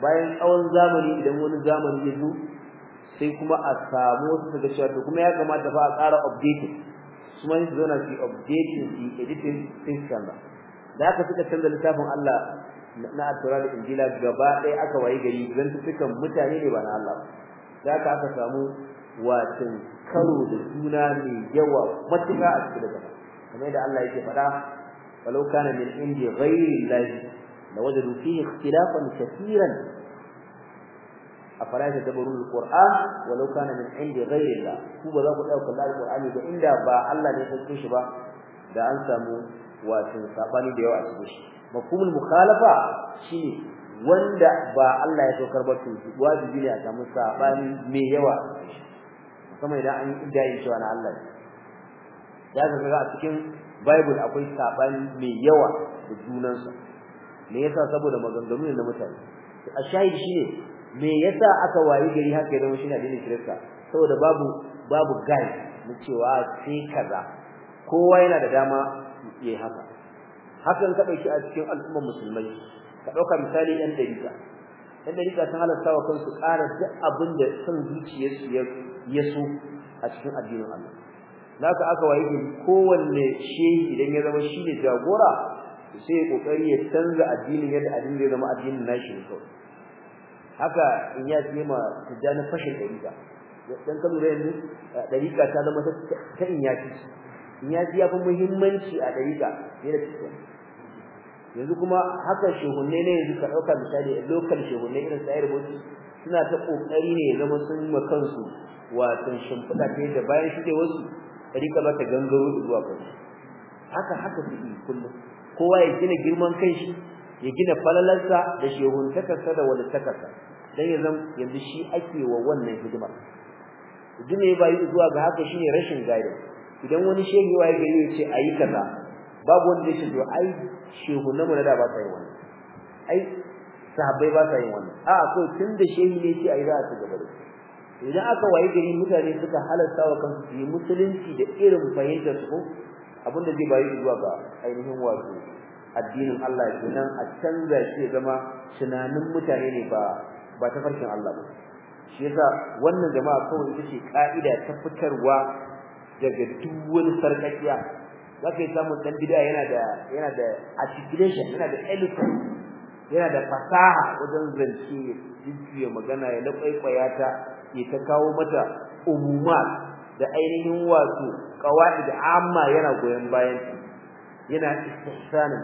Speaker 1: bayan tsawon zamani idan wani zamani ya zo sai kuma a samu wasu daga cewa to kuma ya kamata fa a ƙara updating kuma su zauna su updating su editing sai canza da aka suka canza littafin Allah na al quran Injila gaba ɗaya aka waye gari zan tukan mutane ne ba na Allah da aka aka samu watin karo da juna mai yawa matuƙa a cikin da kamar yadda Allah yake faɗa walau kana min indi ghairi llahi lawajadu fihi ikhtilafan katiran afala tadabbaru alquran walau kana min indi ghairi llah ku ba za ku dauka alqurani da inda ba Allah ne ya sauke shi ba da an samu wato sabani da yawa a cikin shi mafhumul mukhalafa shine wanda ba Allah ya saukar ba to wajibi ne a samu sabani mai yawa kuma idan an yi idayi cewa na Allah ya ga a cikin bible akwai sabani mai yawa da junansa me yasa saboda maganganu ne na mutane a shahid shine me yasa aka wayi gari haka da mushina dinin kirista saboda babu babu guide na cewa sai kaza kowa yana da dama yayi haka hakan ka dauki a cikin al'ummar musulmai ka dauka misali yan dariƙa yan dariƙa sun halarta wa kansu ƙara duk abin da son zuciyarsu ya so a cikin addinin Allah naka aka waye kowanne shehi idan ya zama shine jagora sai ya kokari ya canza addinin yadda addini zai zama addinin nashi ne kawai haka in ya ce ma tijani fashin dariƙa dan kan lura yanzu eh, dariƙa ta zama ta in ya ce in ya ji ya muhimmanci a dariƙa yana cikin yanzu kuma haka shehunne ne yanzu ka ɗauka misali local shehunne irin sayar bauchi suna ta kokari ne ya zama sun ma kansu wato shimfiɗa ta yadda bayan shi da wasu rika mata gangaro zuwa kai haka haka su yi kullum kowa ya gina girman kanshi ya gina falalarsa da shehuntakarsa da walittakarsa dan ya zan yanzu shi ake wa wannan hidima hidima ya bayi zuwa ga haka shine rashin gaida idan wani shehi ya gari ya ce ayi kaza babu wanda ya ce to ai shehu na mulada ba sai wannan ai sahabbai ba sa yin wannan a ko tun da shehi ne ce ai za a ci gaba da idan aka wayi gari mutane suka halarta wa kansu su yi musulunci da irin fahimtar su abin da zai bayu zuwa ga ainihin wato addinin Allah kenan a canza shi zama tunanin mutane ne ba ba ta farkin Allah ba shi yasa wannan jama'a kawai ita ce ka'ida ta fitarwa daga duk wani sarkakiya zaka samu dan bid'a yana da yana da articulation yana da eloquence yana da fasaha wajen zance ya magana ya laƙwaiƙwaya ta ke ta kawo mata umumat da ainihin wato qawaid amma yana goyen bayan ta yana istihsanin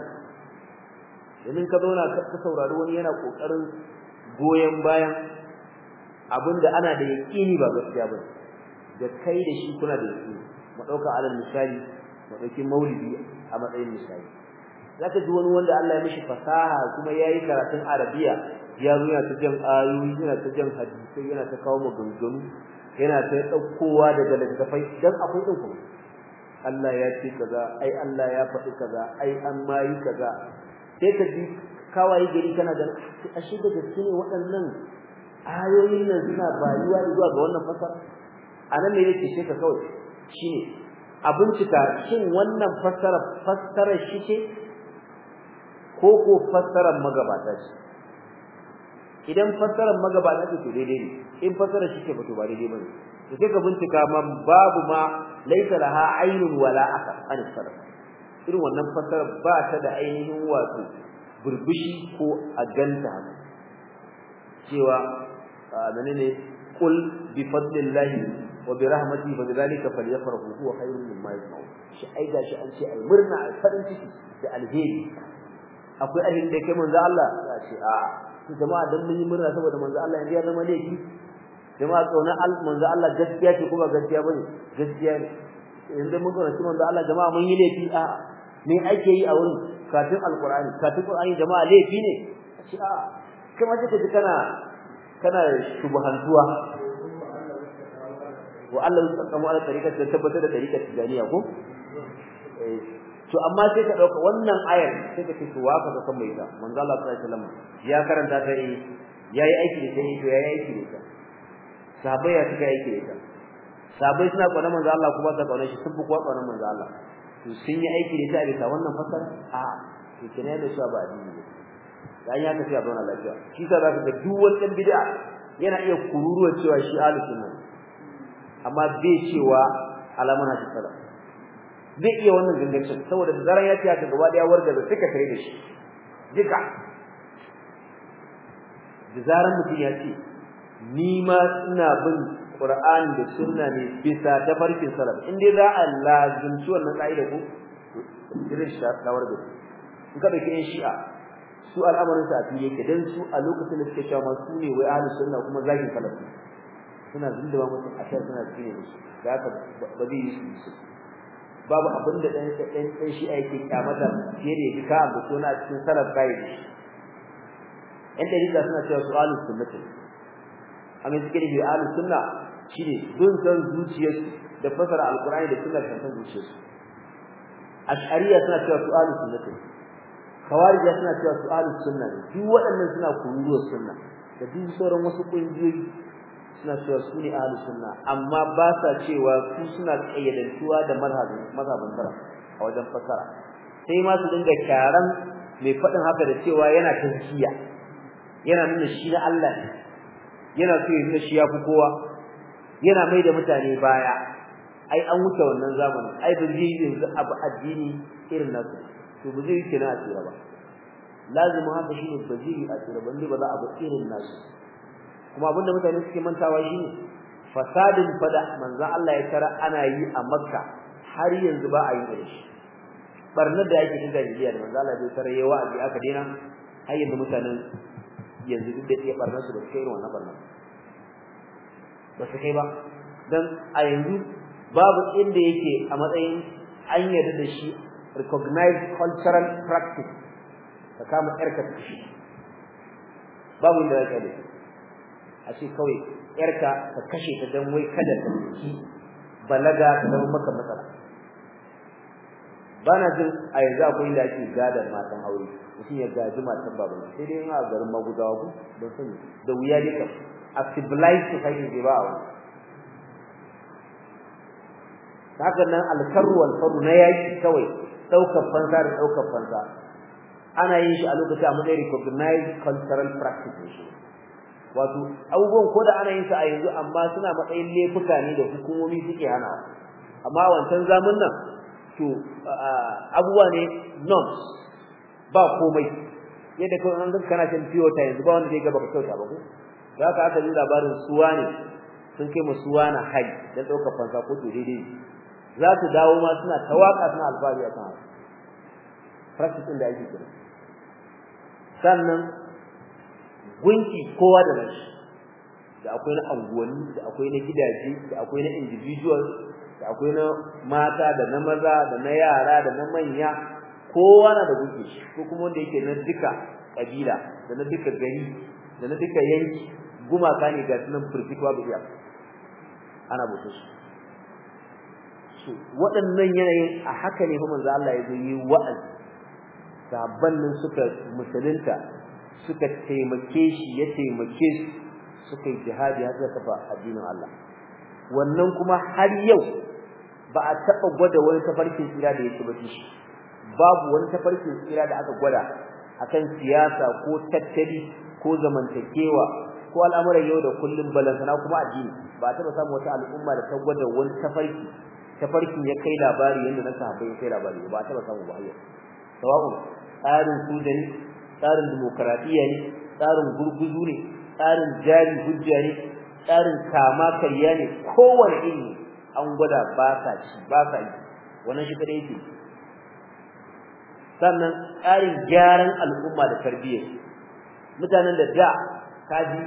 Speaker 1: domin ka zauna ka saurari wani yana kokarin goyen bayan abinda ana da yakini ba gaskiya ba da kai da shi kuna da yakini mu dauka alal misali mu dauki maulidi a matsayin misali zaka ji wani wanda Allah ya mishi fasaha kuma yayi karatun arabiya ya zo yana ta jan ayoyi yana ta jan hadisi yana ta kawo maganganu yana ta daukowa daga littafai dan akwai ɗauko Allah ya ce kaza ai Allah ya faɗi kaza ai an ma yi kaza sai ka ji kawai gari kana da ashe da gaske ne waɗannan ayoyin nan suna bayuwa zuwa ga wannan fasara anan ne yake sheka kawai shine a bincika shin wannan fassara fassarar shi ce ko ko fassarar magabata ce idan fassarar magabata ta to daidai ne in fassarar shi ke ba to ba daidai bane to sai ka bincika man babu ma laisa laha ainun wala aka an sarf irin wannan fassarar ba ta da ainihin wato burbushi ko a ganta cewa menene kul bi fadlillahi wa bi rahmatihi fa dalika falyafrahu huwa khairun mimma yasma'u shi ai gashi an ce ai murna al farin ciki da alheri akwai alheri da kai manzo Allah ya ce a'a jama'a dan mun yi murna saboda manzo Allah yanzu ya zama laifi jama'a kauna manzo Allah gaskiya ce kuma gaskiya bane gaskiya ne yanzu mun kauna manzo Allah jama'a mun yi laifi a me ake yi a wurin katin alqur'ani katin qur'ani jama'a laifi ne a kuma take ji kana kana shubhantuwa wa Allah ya tsakamu ala tariqat da tabbatar da tariqat tijaniya ko eh to amma sai ka dauka wannan ayar sai ka fito wa ka san mai ta manzo Allah sallallahu alaihi wasallam ya karanta ta eh, yi yayi aiki da ta eh, to yayi aiki da ta sahabbai ya suka aiki da ta sahabbai suna kwana manzo Allah kuma ta kwana shi sun fi kuwa kauna manzo Allah to sun yi aiki da ta bisa wannan fasara a to kina da shi ba addini ne dan ya tafi a zauna lafiya shi ka zaka ga duk wannan bid'a yana iya kururuwa cewa shi ahlus sunna amma bai cewa alamana ta salaf zai iya wannan gangancin saboda da zaran ya ci haka gaba daya warga da suka tare da shi duka da zaran mutum ya ce ni ma ina bin Qur'ani da Sunna ne bisa tafarkin salaf in dai za a lazimci wannan ka'ida ko irin shi da warga in ka dauki shi'a su al'amarin sa a fili yake dan su a lokacin da suke cewa masu ne wai ahlus sunna kuma zagin salaf suna zindaba mutum a suna cikin da haka ba zai yi su babu abin da dan dan dan shi aiki kyamata fiye da yake ka abu na cikin salaf shi in da rika suna cewa su'alu sunnati amma zikir bi suna sunna ne dun san zuciyarsu da fasara alqur'ani da da kan zuciyarsu ash'ariya suna cewa su'alu sunnati khawarija suna cewa su'alu sunna duk waɗannan suna kururuwar sunna da duk sauran wasu kungiyoyi suna cewa su ne ahlus sunna amma ba sa cewa su suna kayyadantuwa da mazhabin mazhabin sara a wajen fasara sai ma su dinga kyaran mai fadin haka da cewa yana tazkiya yana nuna shi na Allah yana so ya nuna shi ya fi kowa yana mai da mutane baya ai an wuce wannan zamanin ai ba zai yi yanzu abu addini irin nasu to ba zai yi kina a tsira ba lazima haka ne ba zai yi a tsira ba ne ba za a ba irin nasu kuma abinda mutane suke mantawa shine fasadin fada manzo Allah ya tara ana yi a Makka har yanzu ba a yi da shi barna da yake cikin jahiliya da manzo Allah ya tara yawa a ji aka dena har yanzu mutanen yanzu duk da iya barna su da kai irin wannan barnar ba su kai ba dan a yanzu babu inda yake a matsayin an yarda da shi recognized cultural practice ka kama yarka ta shi babu inda yake a ce kawai yarka ka kashe ta dan wai kada ta ci balaga ta zama maka matsala bana jin a yanzu akwai da ake gadar matan aure mutum ya gaji matan baban sai dai ina garin magudawa ku don sani da wuya ne kam a civilized society ba wa haka nan alkaru wal fadu na yaki kawai daukar fansa da daukar fansa ana yin shi a lokacin a matsayin recognized cultural practice ne wato abubuwan ko da ana yin sa a yanzu amma suna matsayin laifuka ne da hukumomi suke hana amma wancan zamun nan to abubuwa ne norms ba komai yadda kai an ganka kana cin fiyo ta yanzu ba wanda zai gaba ka kyauta ba ko da haka aka yi labarin suwa ne sun kai suwa na hari dan ɗaukar fansa ko to daidai za su dawo ma suna tawaka suna alfahari a kan practice din da ake kira sannan gunki kowa da nashi da akwai na anguwanni da akwai na gidaje da akwai na individual da akwai na mata da na maza da na yara da na manya kowa na da gunki ko kuma wanda yake na duka kabila da na duka gari da na duka yanki gumaka ne ga sunan furfitwa da iya ana bautar su waɗannan yanayin a haka ne kuma manzo Allah ya zo yi wa'azi sabban nan suka musulunta suka taimake shi ya taimake su suka yi jihadi har suka kafa addinin Allah wannan kuma har yau ba a taba gwada wani tafarkin tsira da yake bace shi babu wani tafarkin tsira da aka gwada akan siyasa ko tattali ko zamantakewa ko al'amuran yau da kullum balantana kuma addini ba a taba samu wata al'umma da ta gwada wani tafarki tafarkin ya kai labari yanda na sahabbai ya kai labari ba a taba samu ba yau sawa'u tsarin su da ni. tsarin demokradiya ne tsarin gurguzu ne tsarin jari hujja ne tsarin kama karya ne kowane iri an gwada ba sa ci ba yi wannan shi kada yake sannan tsarin gyaran al'umma da tarbiyyar mutanen da da ji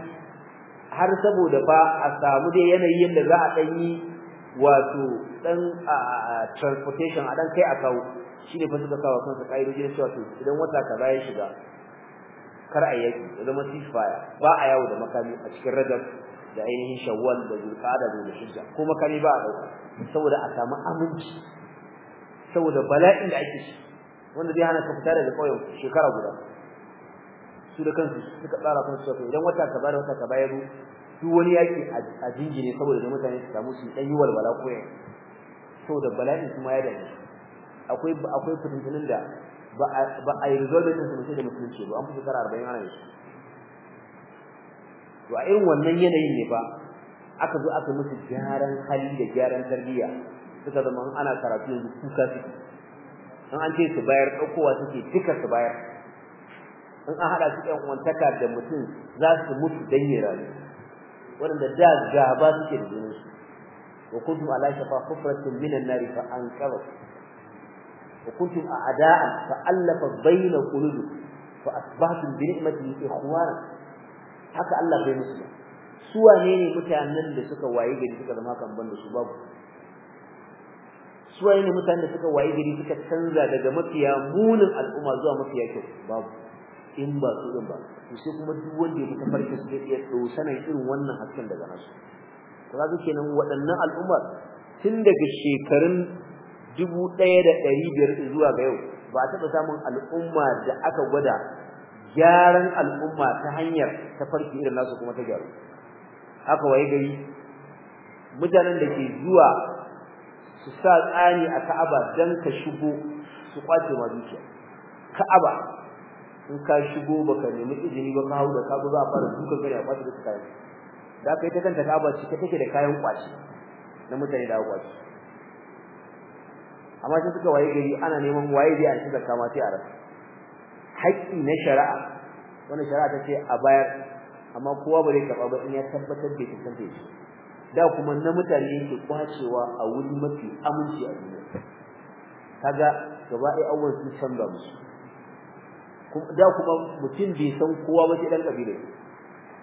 Speaker 1: har saboda ba a samu da yanayin da za a ɗan yi wato dan transportation a ɗan kai a kawo shi fa suka kawo ƙa'idoji kaidojin cewa to idan wata kaza ya shiga kar a yaki ya zama sifaya ba a yawo da makami a cikin rajab da ainihin shawwal da zulqada da zulhijja ko makami ba a dauka saboda a samu aminci saboda bala'in da ake shi wanda zai hana ka fita daga kauyen shekara guda su da kansu suka tsara kuma suka idan wata ka bada wata ka bayar su wani yaki a jinjire saboda mutane su samu su dan yi walwala ko saboda bala'in kuma ya dace akwai akwai fitintunin da ba a yi resolve din su sai da musulunci ba an fi shekara 40 ana yi to a irin wannan yanayin ne ba aka zo aka musu gyaran hali da gyaran tarbiyya suka zama ana karatu yanzu kuka suke in an ce su bayar ɗaukowa suke duka su bayar in an haɗa su ɗan uwantaka da mutum za su mutu dan yi rayu waɗanda da gaba suke da jinin su wa kuntum ala shafa kufratin minan nari fa an kaba وكنتم أعداء فألف بين قلوبكم فأصبحتم بنعمته إخوانا حتى الله بين مسلم سوى نيني متعنن لسكا وايجري سكا لما كان بند سباب سوى نيني متعنن لسكا وايجري سكا تنزى دقا مفيا مون الأمة زوى مفيا كيف باب in ba su din ba to sai kuma duk wanda ya fita farkin su zai iya dosanan irin wannan hasken daga nasu to kaga kenan waɗannan al'ummar tun daga shekarun dubu ɗaya da ɗari biyar zuwa ga yau ba a taɓa samun al'umma da aka gwada gyaran al'umma ta hanyar ta farki irin nasu kuma ta gyaru haka waye gari mutanen da ke zuwa su sa tsani a Ka'aba don ka shigo su kwace ma zuciya Ka'aba in ka shigo baka nemi izini ba ka hau da kabu za a fara duka gari a kwace da kayan da kai ta kanta Ka'aba ce take da kayan kwace na mutane da kwace amma sai suka waye gari ana neman waye zai anshi zakka ma sai a rasa haƙƙi na shari'a wannan shari'a ta ce a bayar amma kowa ba zai karɓa ba in ya tabbatar da cikin da shi da kuma na mutane yake kwacewa a wuri mafi aminci a duniya kaga gaba ɗaya awwal sun ba musu da kuma mutum bai san kowa ba sai dan kabilar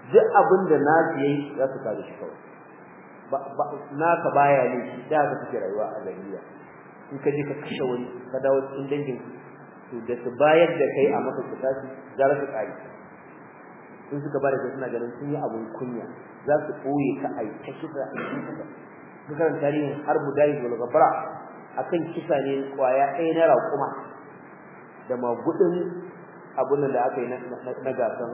Speaker 1: duk abin da na yayi za su kare shi kawai ba naka baya ne shi da ka take rayuwa a gariya in ka je ka kashe wani ka dawo cikin dangin to da su bayar da kai a maka kusaci za su kare. sun suka bada da suna ganin sun yi abun kunya za su ɓoye ka ai ta kisa a cikin ka dukkan tarihin harbu da lagabara a kan kisa ne kwaya ɗaya na raƙuma da magudin abun da aka yi na gasan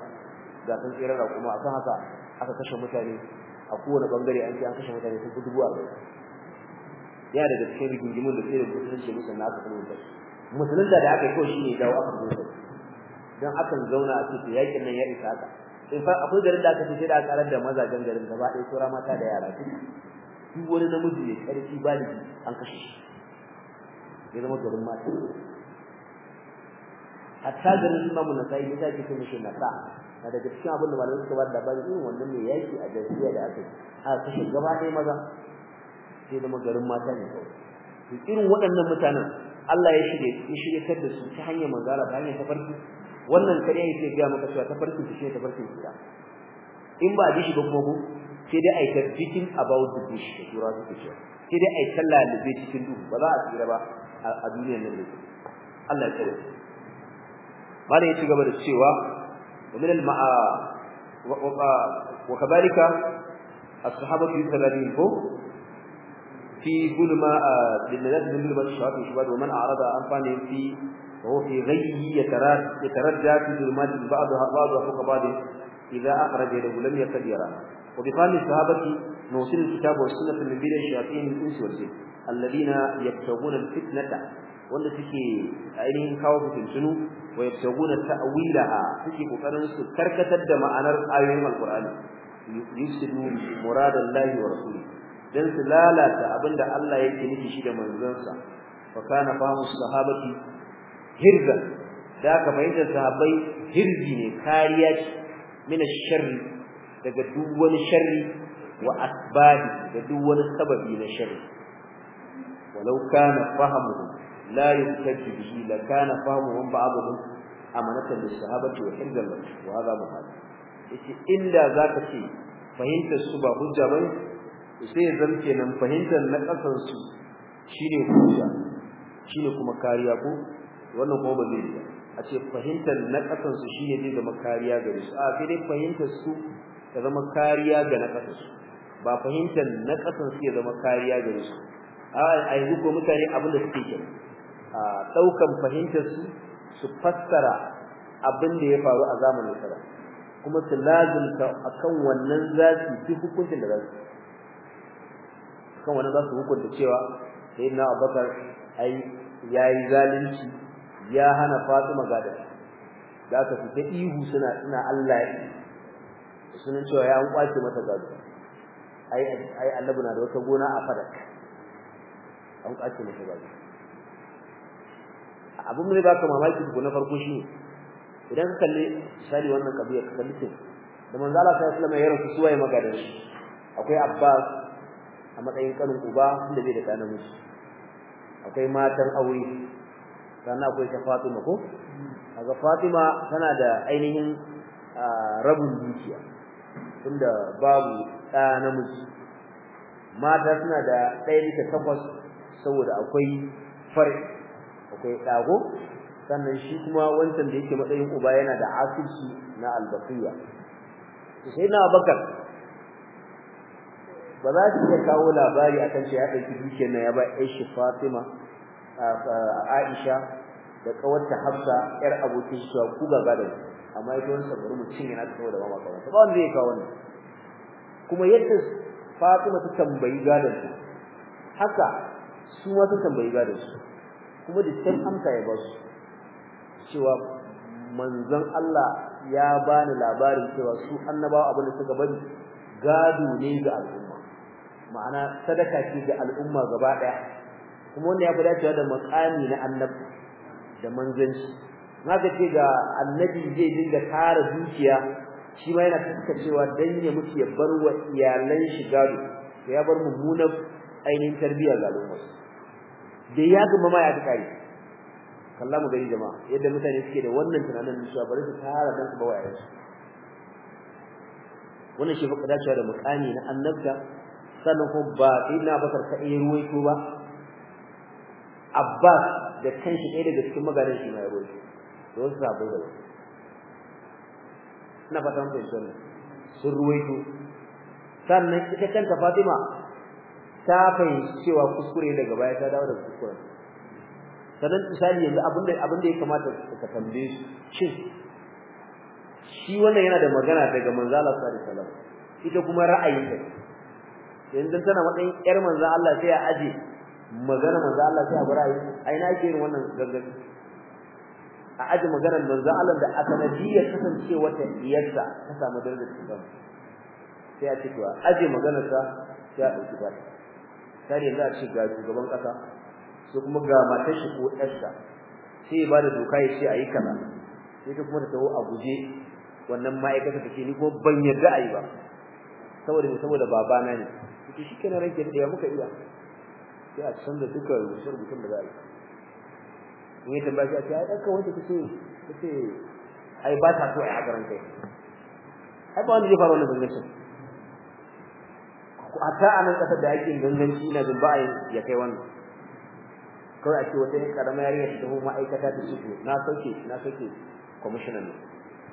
Speaker 1: gasan tseren raƙuma kan haka aka kashe mutane a kowane bangare an ce an kashe mutane sun fi dubu arba'in ya daga cikin rigingimun da sai da musulunci musulunci aka kuma da Musulun da aka yi kawai shine dawo aka kuma da dan akan zauna a cikin yakin nan ya isa haka in fa akwai garin da aka fice da karar da mazajen garin gaba ɗaya tsora mata da yara duk wani namiji ne karfi baligi an kashe shi ya zama garin mata hatta garin Imam Nasa'i ya sake kuma shi nasa na daga cikin abin da malamai suka ba da bani irin wannan ne yaki a jahiliya da aka yi a kashe gaba ɗaya maza sai zama garin mata ne to irin waɗannan mutanen Allah ya shirye ya kar da su ta hanyar manzara ta hanyar tafarki wannan kare yake ga maka cewa tafarkin shi ne tafarkin kira in ba a ji shi ba kuma ko sai dai ai tafkikin about the dish da tura su ce sai dai ai sallah lube cikin duhu ba za a tsira ba a duniyar nan ne Allah ya tsare bare ya ci gaba da cewa wa wa وكذلك الصحابة يسألون فوق في كل ما آه، للذات من ظلمة الشهوات والشبهات ومن أعرض عن فهم في وهو في غيه يترجى في ظلمات بعضها بعض وفوق بعض إذا أخرج يده لم يكد يرى وبقال للصحابه نوصل الكتاب والسنة من بين الشياطين الإنس والجن الذين يبتغون الفتنة والتي في عينهم kawo fitintunu wa yabtaguna ta'wilaha suke kokarin su karkatar da ma'anar ayoyin alqur'ani yusidu muradallahi wa dan su lalata abinda Allah yake nufi shi da manzansa fa kana fahmu sahabati hirza da ka bayyana sahabbai hirzi ne kariya ce min sharri daga duk wani sharri wa asbabi da duk wani sababi na sharri walau kana fahmuhum la yuktaju bihi la kana fahmuhum ba'dhum amanatan lis sahabati wa hirzan wa hadha muhal yace inda zaka ce fahimtar su ba hujja bane sai zan kenan fahimtar na kasar su shine shi shine kuma kariya ko wannan kuma ba zai a ce fahimtar na kasar su shine zai zama kariya gare su a sai dai fahimtar su ta zama kariya ga na kasar su ba fahimtar na kasar su ya zama kariya gare su a a yanzu ko mutane abin da suke kenan a daukan fahimtar su su fassara abin da ya faru a zamanin sa kuma su lazimta akan wannan zafi duk hukuncin da zasu kan wani za su hukunta cewa sayyidina Abubakar ai yayi zalunci ya hana Fatima gada da fi fita ihu suna suna Allah ya sunan cewa ya kwace mata gado ai ai Allah na da wata gona a fadak an kwace mata gado abun da ka mamaki ko na farko shi idan ka kalle misali wannan kabiya ka kalle da manzo Allah sallallahu alaihi wasallam ya rasu suwaye magadan akwai Abbas a matsayin kanin uba da bai da kanin musu akwai matan aure sannan akwai ta Fatima ko kaga Fatima tana da ainihin rabin dukiya tunda babu ɗa namiji mata suna da ɗaya bisa takwas saboda akwai fari akwai ɗago sannan shi kuma wancan da yake matsayin uba yana da asirci na albaqiya sai na bakar. ba za su iya kawo labari akan cewa ya ɗauki dukiyar nan ya ba ƴar shi Fatima Aisha da kawarta Hafsa 'yar abokin shi ku ga da amma ita wannan bari mu cinye na saboda ba ma kawo ba wanda ya kawo ne. kuma yadda Fatima ta tambayi gada su haka su ma ta tambayi gada su kuma da san amsa ya ba su cewa manzon Allah ya bani labarin cewa su annabawa abin da suka bari gado ne ga al'umma ma'ana sadaka ce ga al'umma gaba daya kuma wanda ya fi dacewa da makami na annabi da manzanci Na ce ga annabi zai dinga tara zuciya shi ma yana cewa dan ya mutu ya bar wa iyalan shi gado ya bar mummunan ainihin tarbiyyar ga al'umma da ya gama ma ya ta kare kalla mu gari jama'a yadda mutane suke da wannan tunanin su bari su tara dan su ba wa su wannan shi fa cewa da mukami na annabta sannan ko ba sayyidina bakar kadai ya ruwaito ba abbas da kanshi ɗaya daga cikin magadan shi ma ruwaito da wasu sabai da wasu na fatan fahimtar sun ruwaito sannan ita kanta fatima ta fahimci cewa kuskure daga baya ta dawo daga kuskuren sannan misali yanzu abin da abin da ya kamata ka tambaye shi shin shi wannan yana da magana daga manzo Allah sallallahu alaihi wasallam ita kuma ra'ayin ta yanzu tana matsayin yar manzo Allah sai ya aje magana manzo Allah sai a bar ayi ai na ke wannan gangan a aje magana manzo Allah da aka nadiya kasance wata iyarsa ta samu darajar shugaban. sai a ce to aje magana sa sai a dauki ba sai yanzu a ce ga shugaban kasa sai kuma ga matar shi ko ƴarsa sai ya bada doka ya ce ayi kaza sai ta kuma ta taho a guje wannan ma'aikata take ni ko ban yarda ayi ba saboda ne saboda babana ne shi shikenan rage da ya muka iya sai a san da duka rubutun da za a yi ne tambaya shi a ce ai ɗanka wanda kace kace ai ba ta so ai a garin kai ai ba wanda zai fara wannan gangancin a ta anan kasar da ake ganganci ina jin ba ya kai wannan kawai a ce wata yin karama yarinya ta taho ma'aikata ta shi na sauke na sauke kwamishinan ne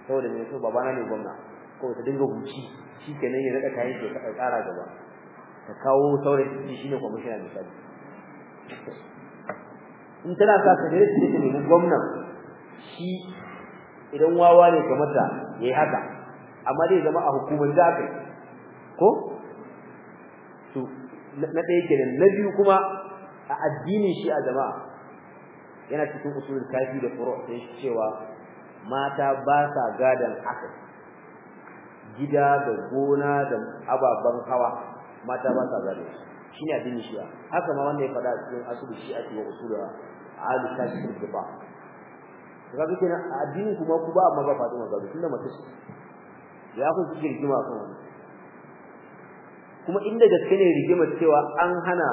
Speaker 1: saboda me so babana ne gwamna ko ta dinga huci shikenan ya rada kayan shi ka kara gaba ka kawo saurayin shi shine da misali in tana sa ka dare shi ne gwamnati shi idan wawa ne kamar da yayi haka amma dai zama a hukumar da kai ko to na ɗaya kenan na biyu kuma a addinin shi a jama'a yana cikin usulul kafi da furu' sai cewa mata ba sa gadan akali gida da gona da ababan hawa mata ba sa zare shi ne addinin shi haka ma wanda ya faɗa cikin asubu shi'a wa usul ahli kashfin kifa kaga kina addini kuma ku ba amma ba Fatima ga tunda mace shi ya ku kike rigima kan kuma inda gaske ne rigima cewa an hana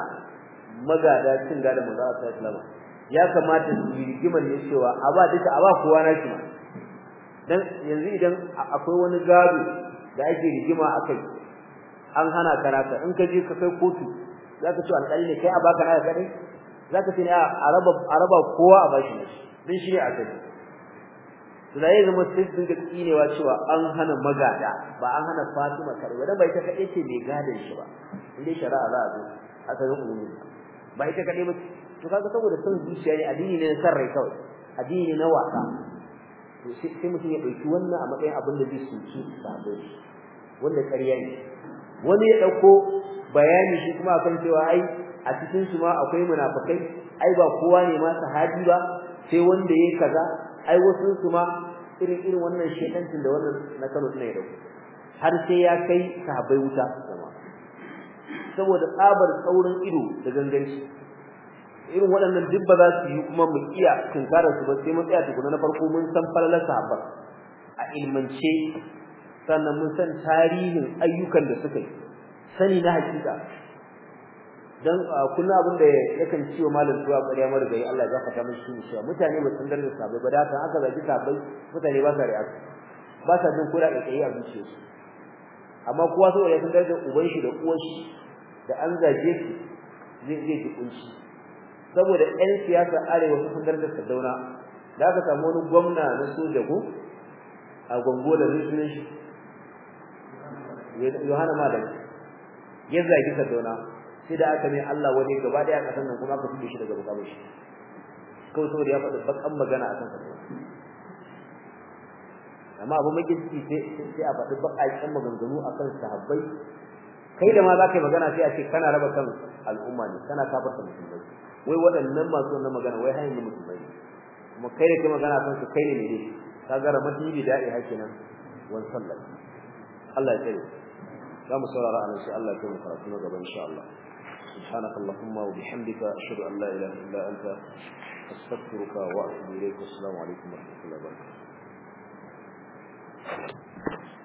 Speaker 1: magada cin gada manzo Allah sallallahu alaihi ya kamata su rigimar ne cewa a ba duka a ba kowa na shi dan yanzu idan akwai wani gado da ake rigima akai an hana karata in ka je ka kai kotu zaka ce alƙali ne kai a baka haya kadai zaka ce a araba araba kowa a bashi din shi ne a kai to da yanzu musulmi da wa cewa an hana magada ba an hana Fatima kare ba dan bai ta kade ce mai gadan shi ba inda shari'a za a zo aka yi umuri bai ta kade ba to kaga saboda son zuciya ne addini ne san rai kawai addini na wasa sai mutum ya ɗauki wannan a matsayin abin da zai soki sahabbai wanda ƙarya ne wani ya ɗauko bayani shi kuma akan cewa ai a cikin su ma akwai munafukai ai ba kowa ne ma sahabi ba sai wanda yayi kaza ai wasu su ma irin irin wannan shedancin da wannan na Kano ya da har sai ya kai sahabbai wuta saboda tsabar tsaurin ido da ganganci irin waɗannan duk za su yi kuma mu iya tunkarar su ba sai mun tsaya tukuna na farko mun san falalar sahabban a ilmance sannan mun san tarihin ayyukan da suka yi sani na hakika dan kuna abin da yakan ciwo malam tuwa ƙarya mara gari Allah ya ta mishi shi cewa mutane ba sun darda sabai ba da haka aka zaki sabai mutane ba sa riya ba sa jin kura da kai a zuciyarsu amma kowa saboda ya san darda uban shi da uwan shi da an zage shi zai je ji kunshi saboda ɗan siyasa arewa sun fitar da sadauna da aka samu wani gwamna na Sojago a Gongo da Rishinin shi Yohana Malam ya zagi Sadauna, sai da aka mai Allah wani gaba daya kasar nan kuma aka fito shi daga bukabar shi kawai saboda ya faɗi bakan magana kan sadauna amma abu mai ciki sai a faɗi baƙaƙen maganganu a kan sahabbai kai da ma za ka yi magana sai a ce kana raba kan al'umma ne kana kafarta musulmai wai waɗannan masu wannan magana wai hayin musulmai kuma kai ne kai magana kan su kai ne ne kaga ramati bi da'i hakinan wan sallah Allah ya tsare za mu saurara anan sai Allah ya kai mu karatu na gaba insha Allah سبحانك اللهم وبحمدك أشهد أن لا إله إلا أنت أستغفرك وأتوب إليك والسلام عليكم ورحمة الله وبركاته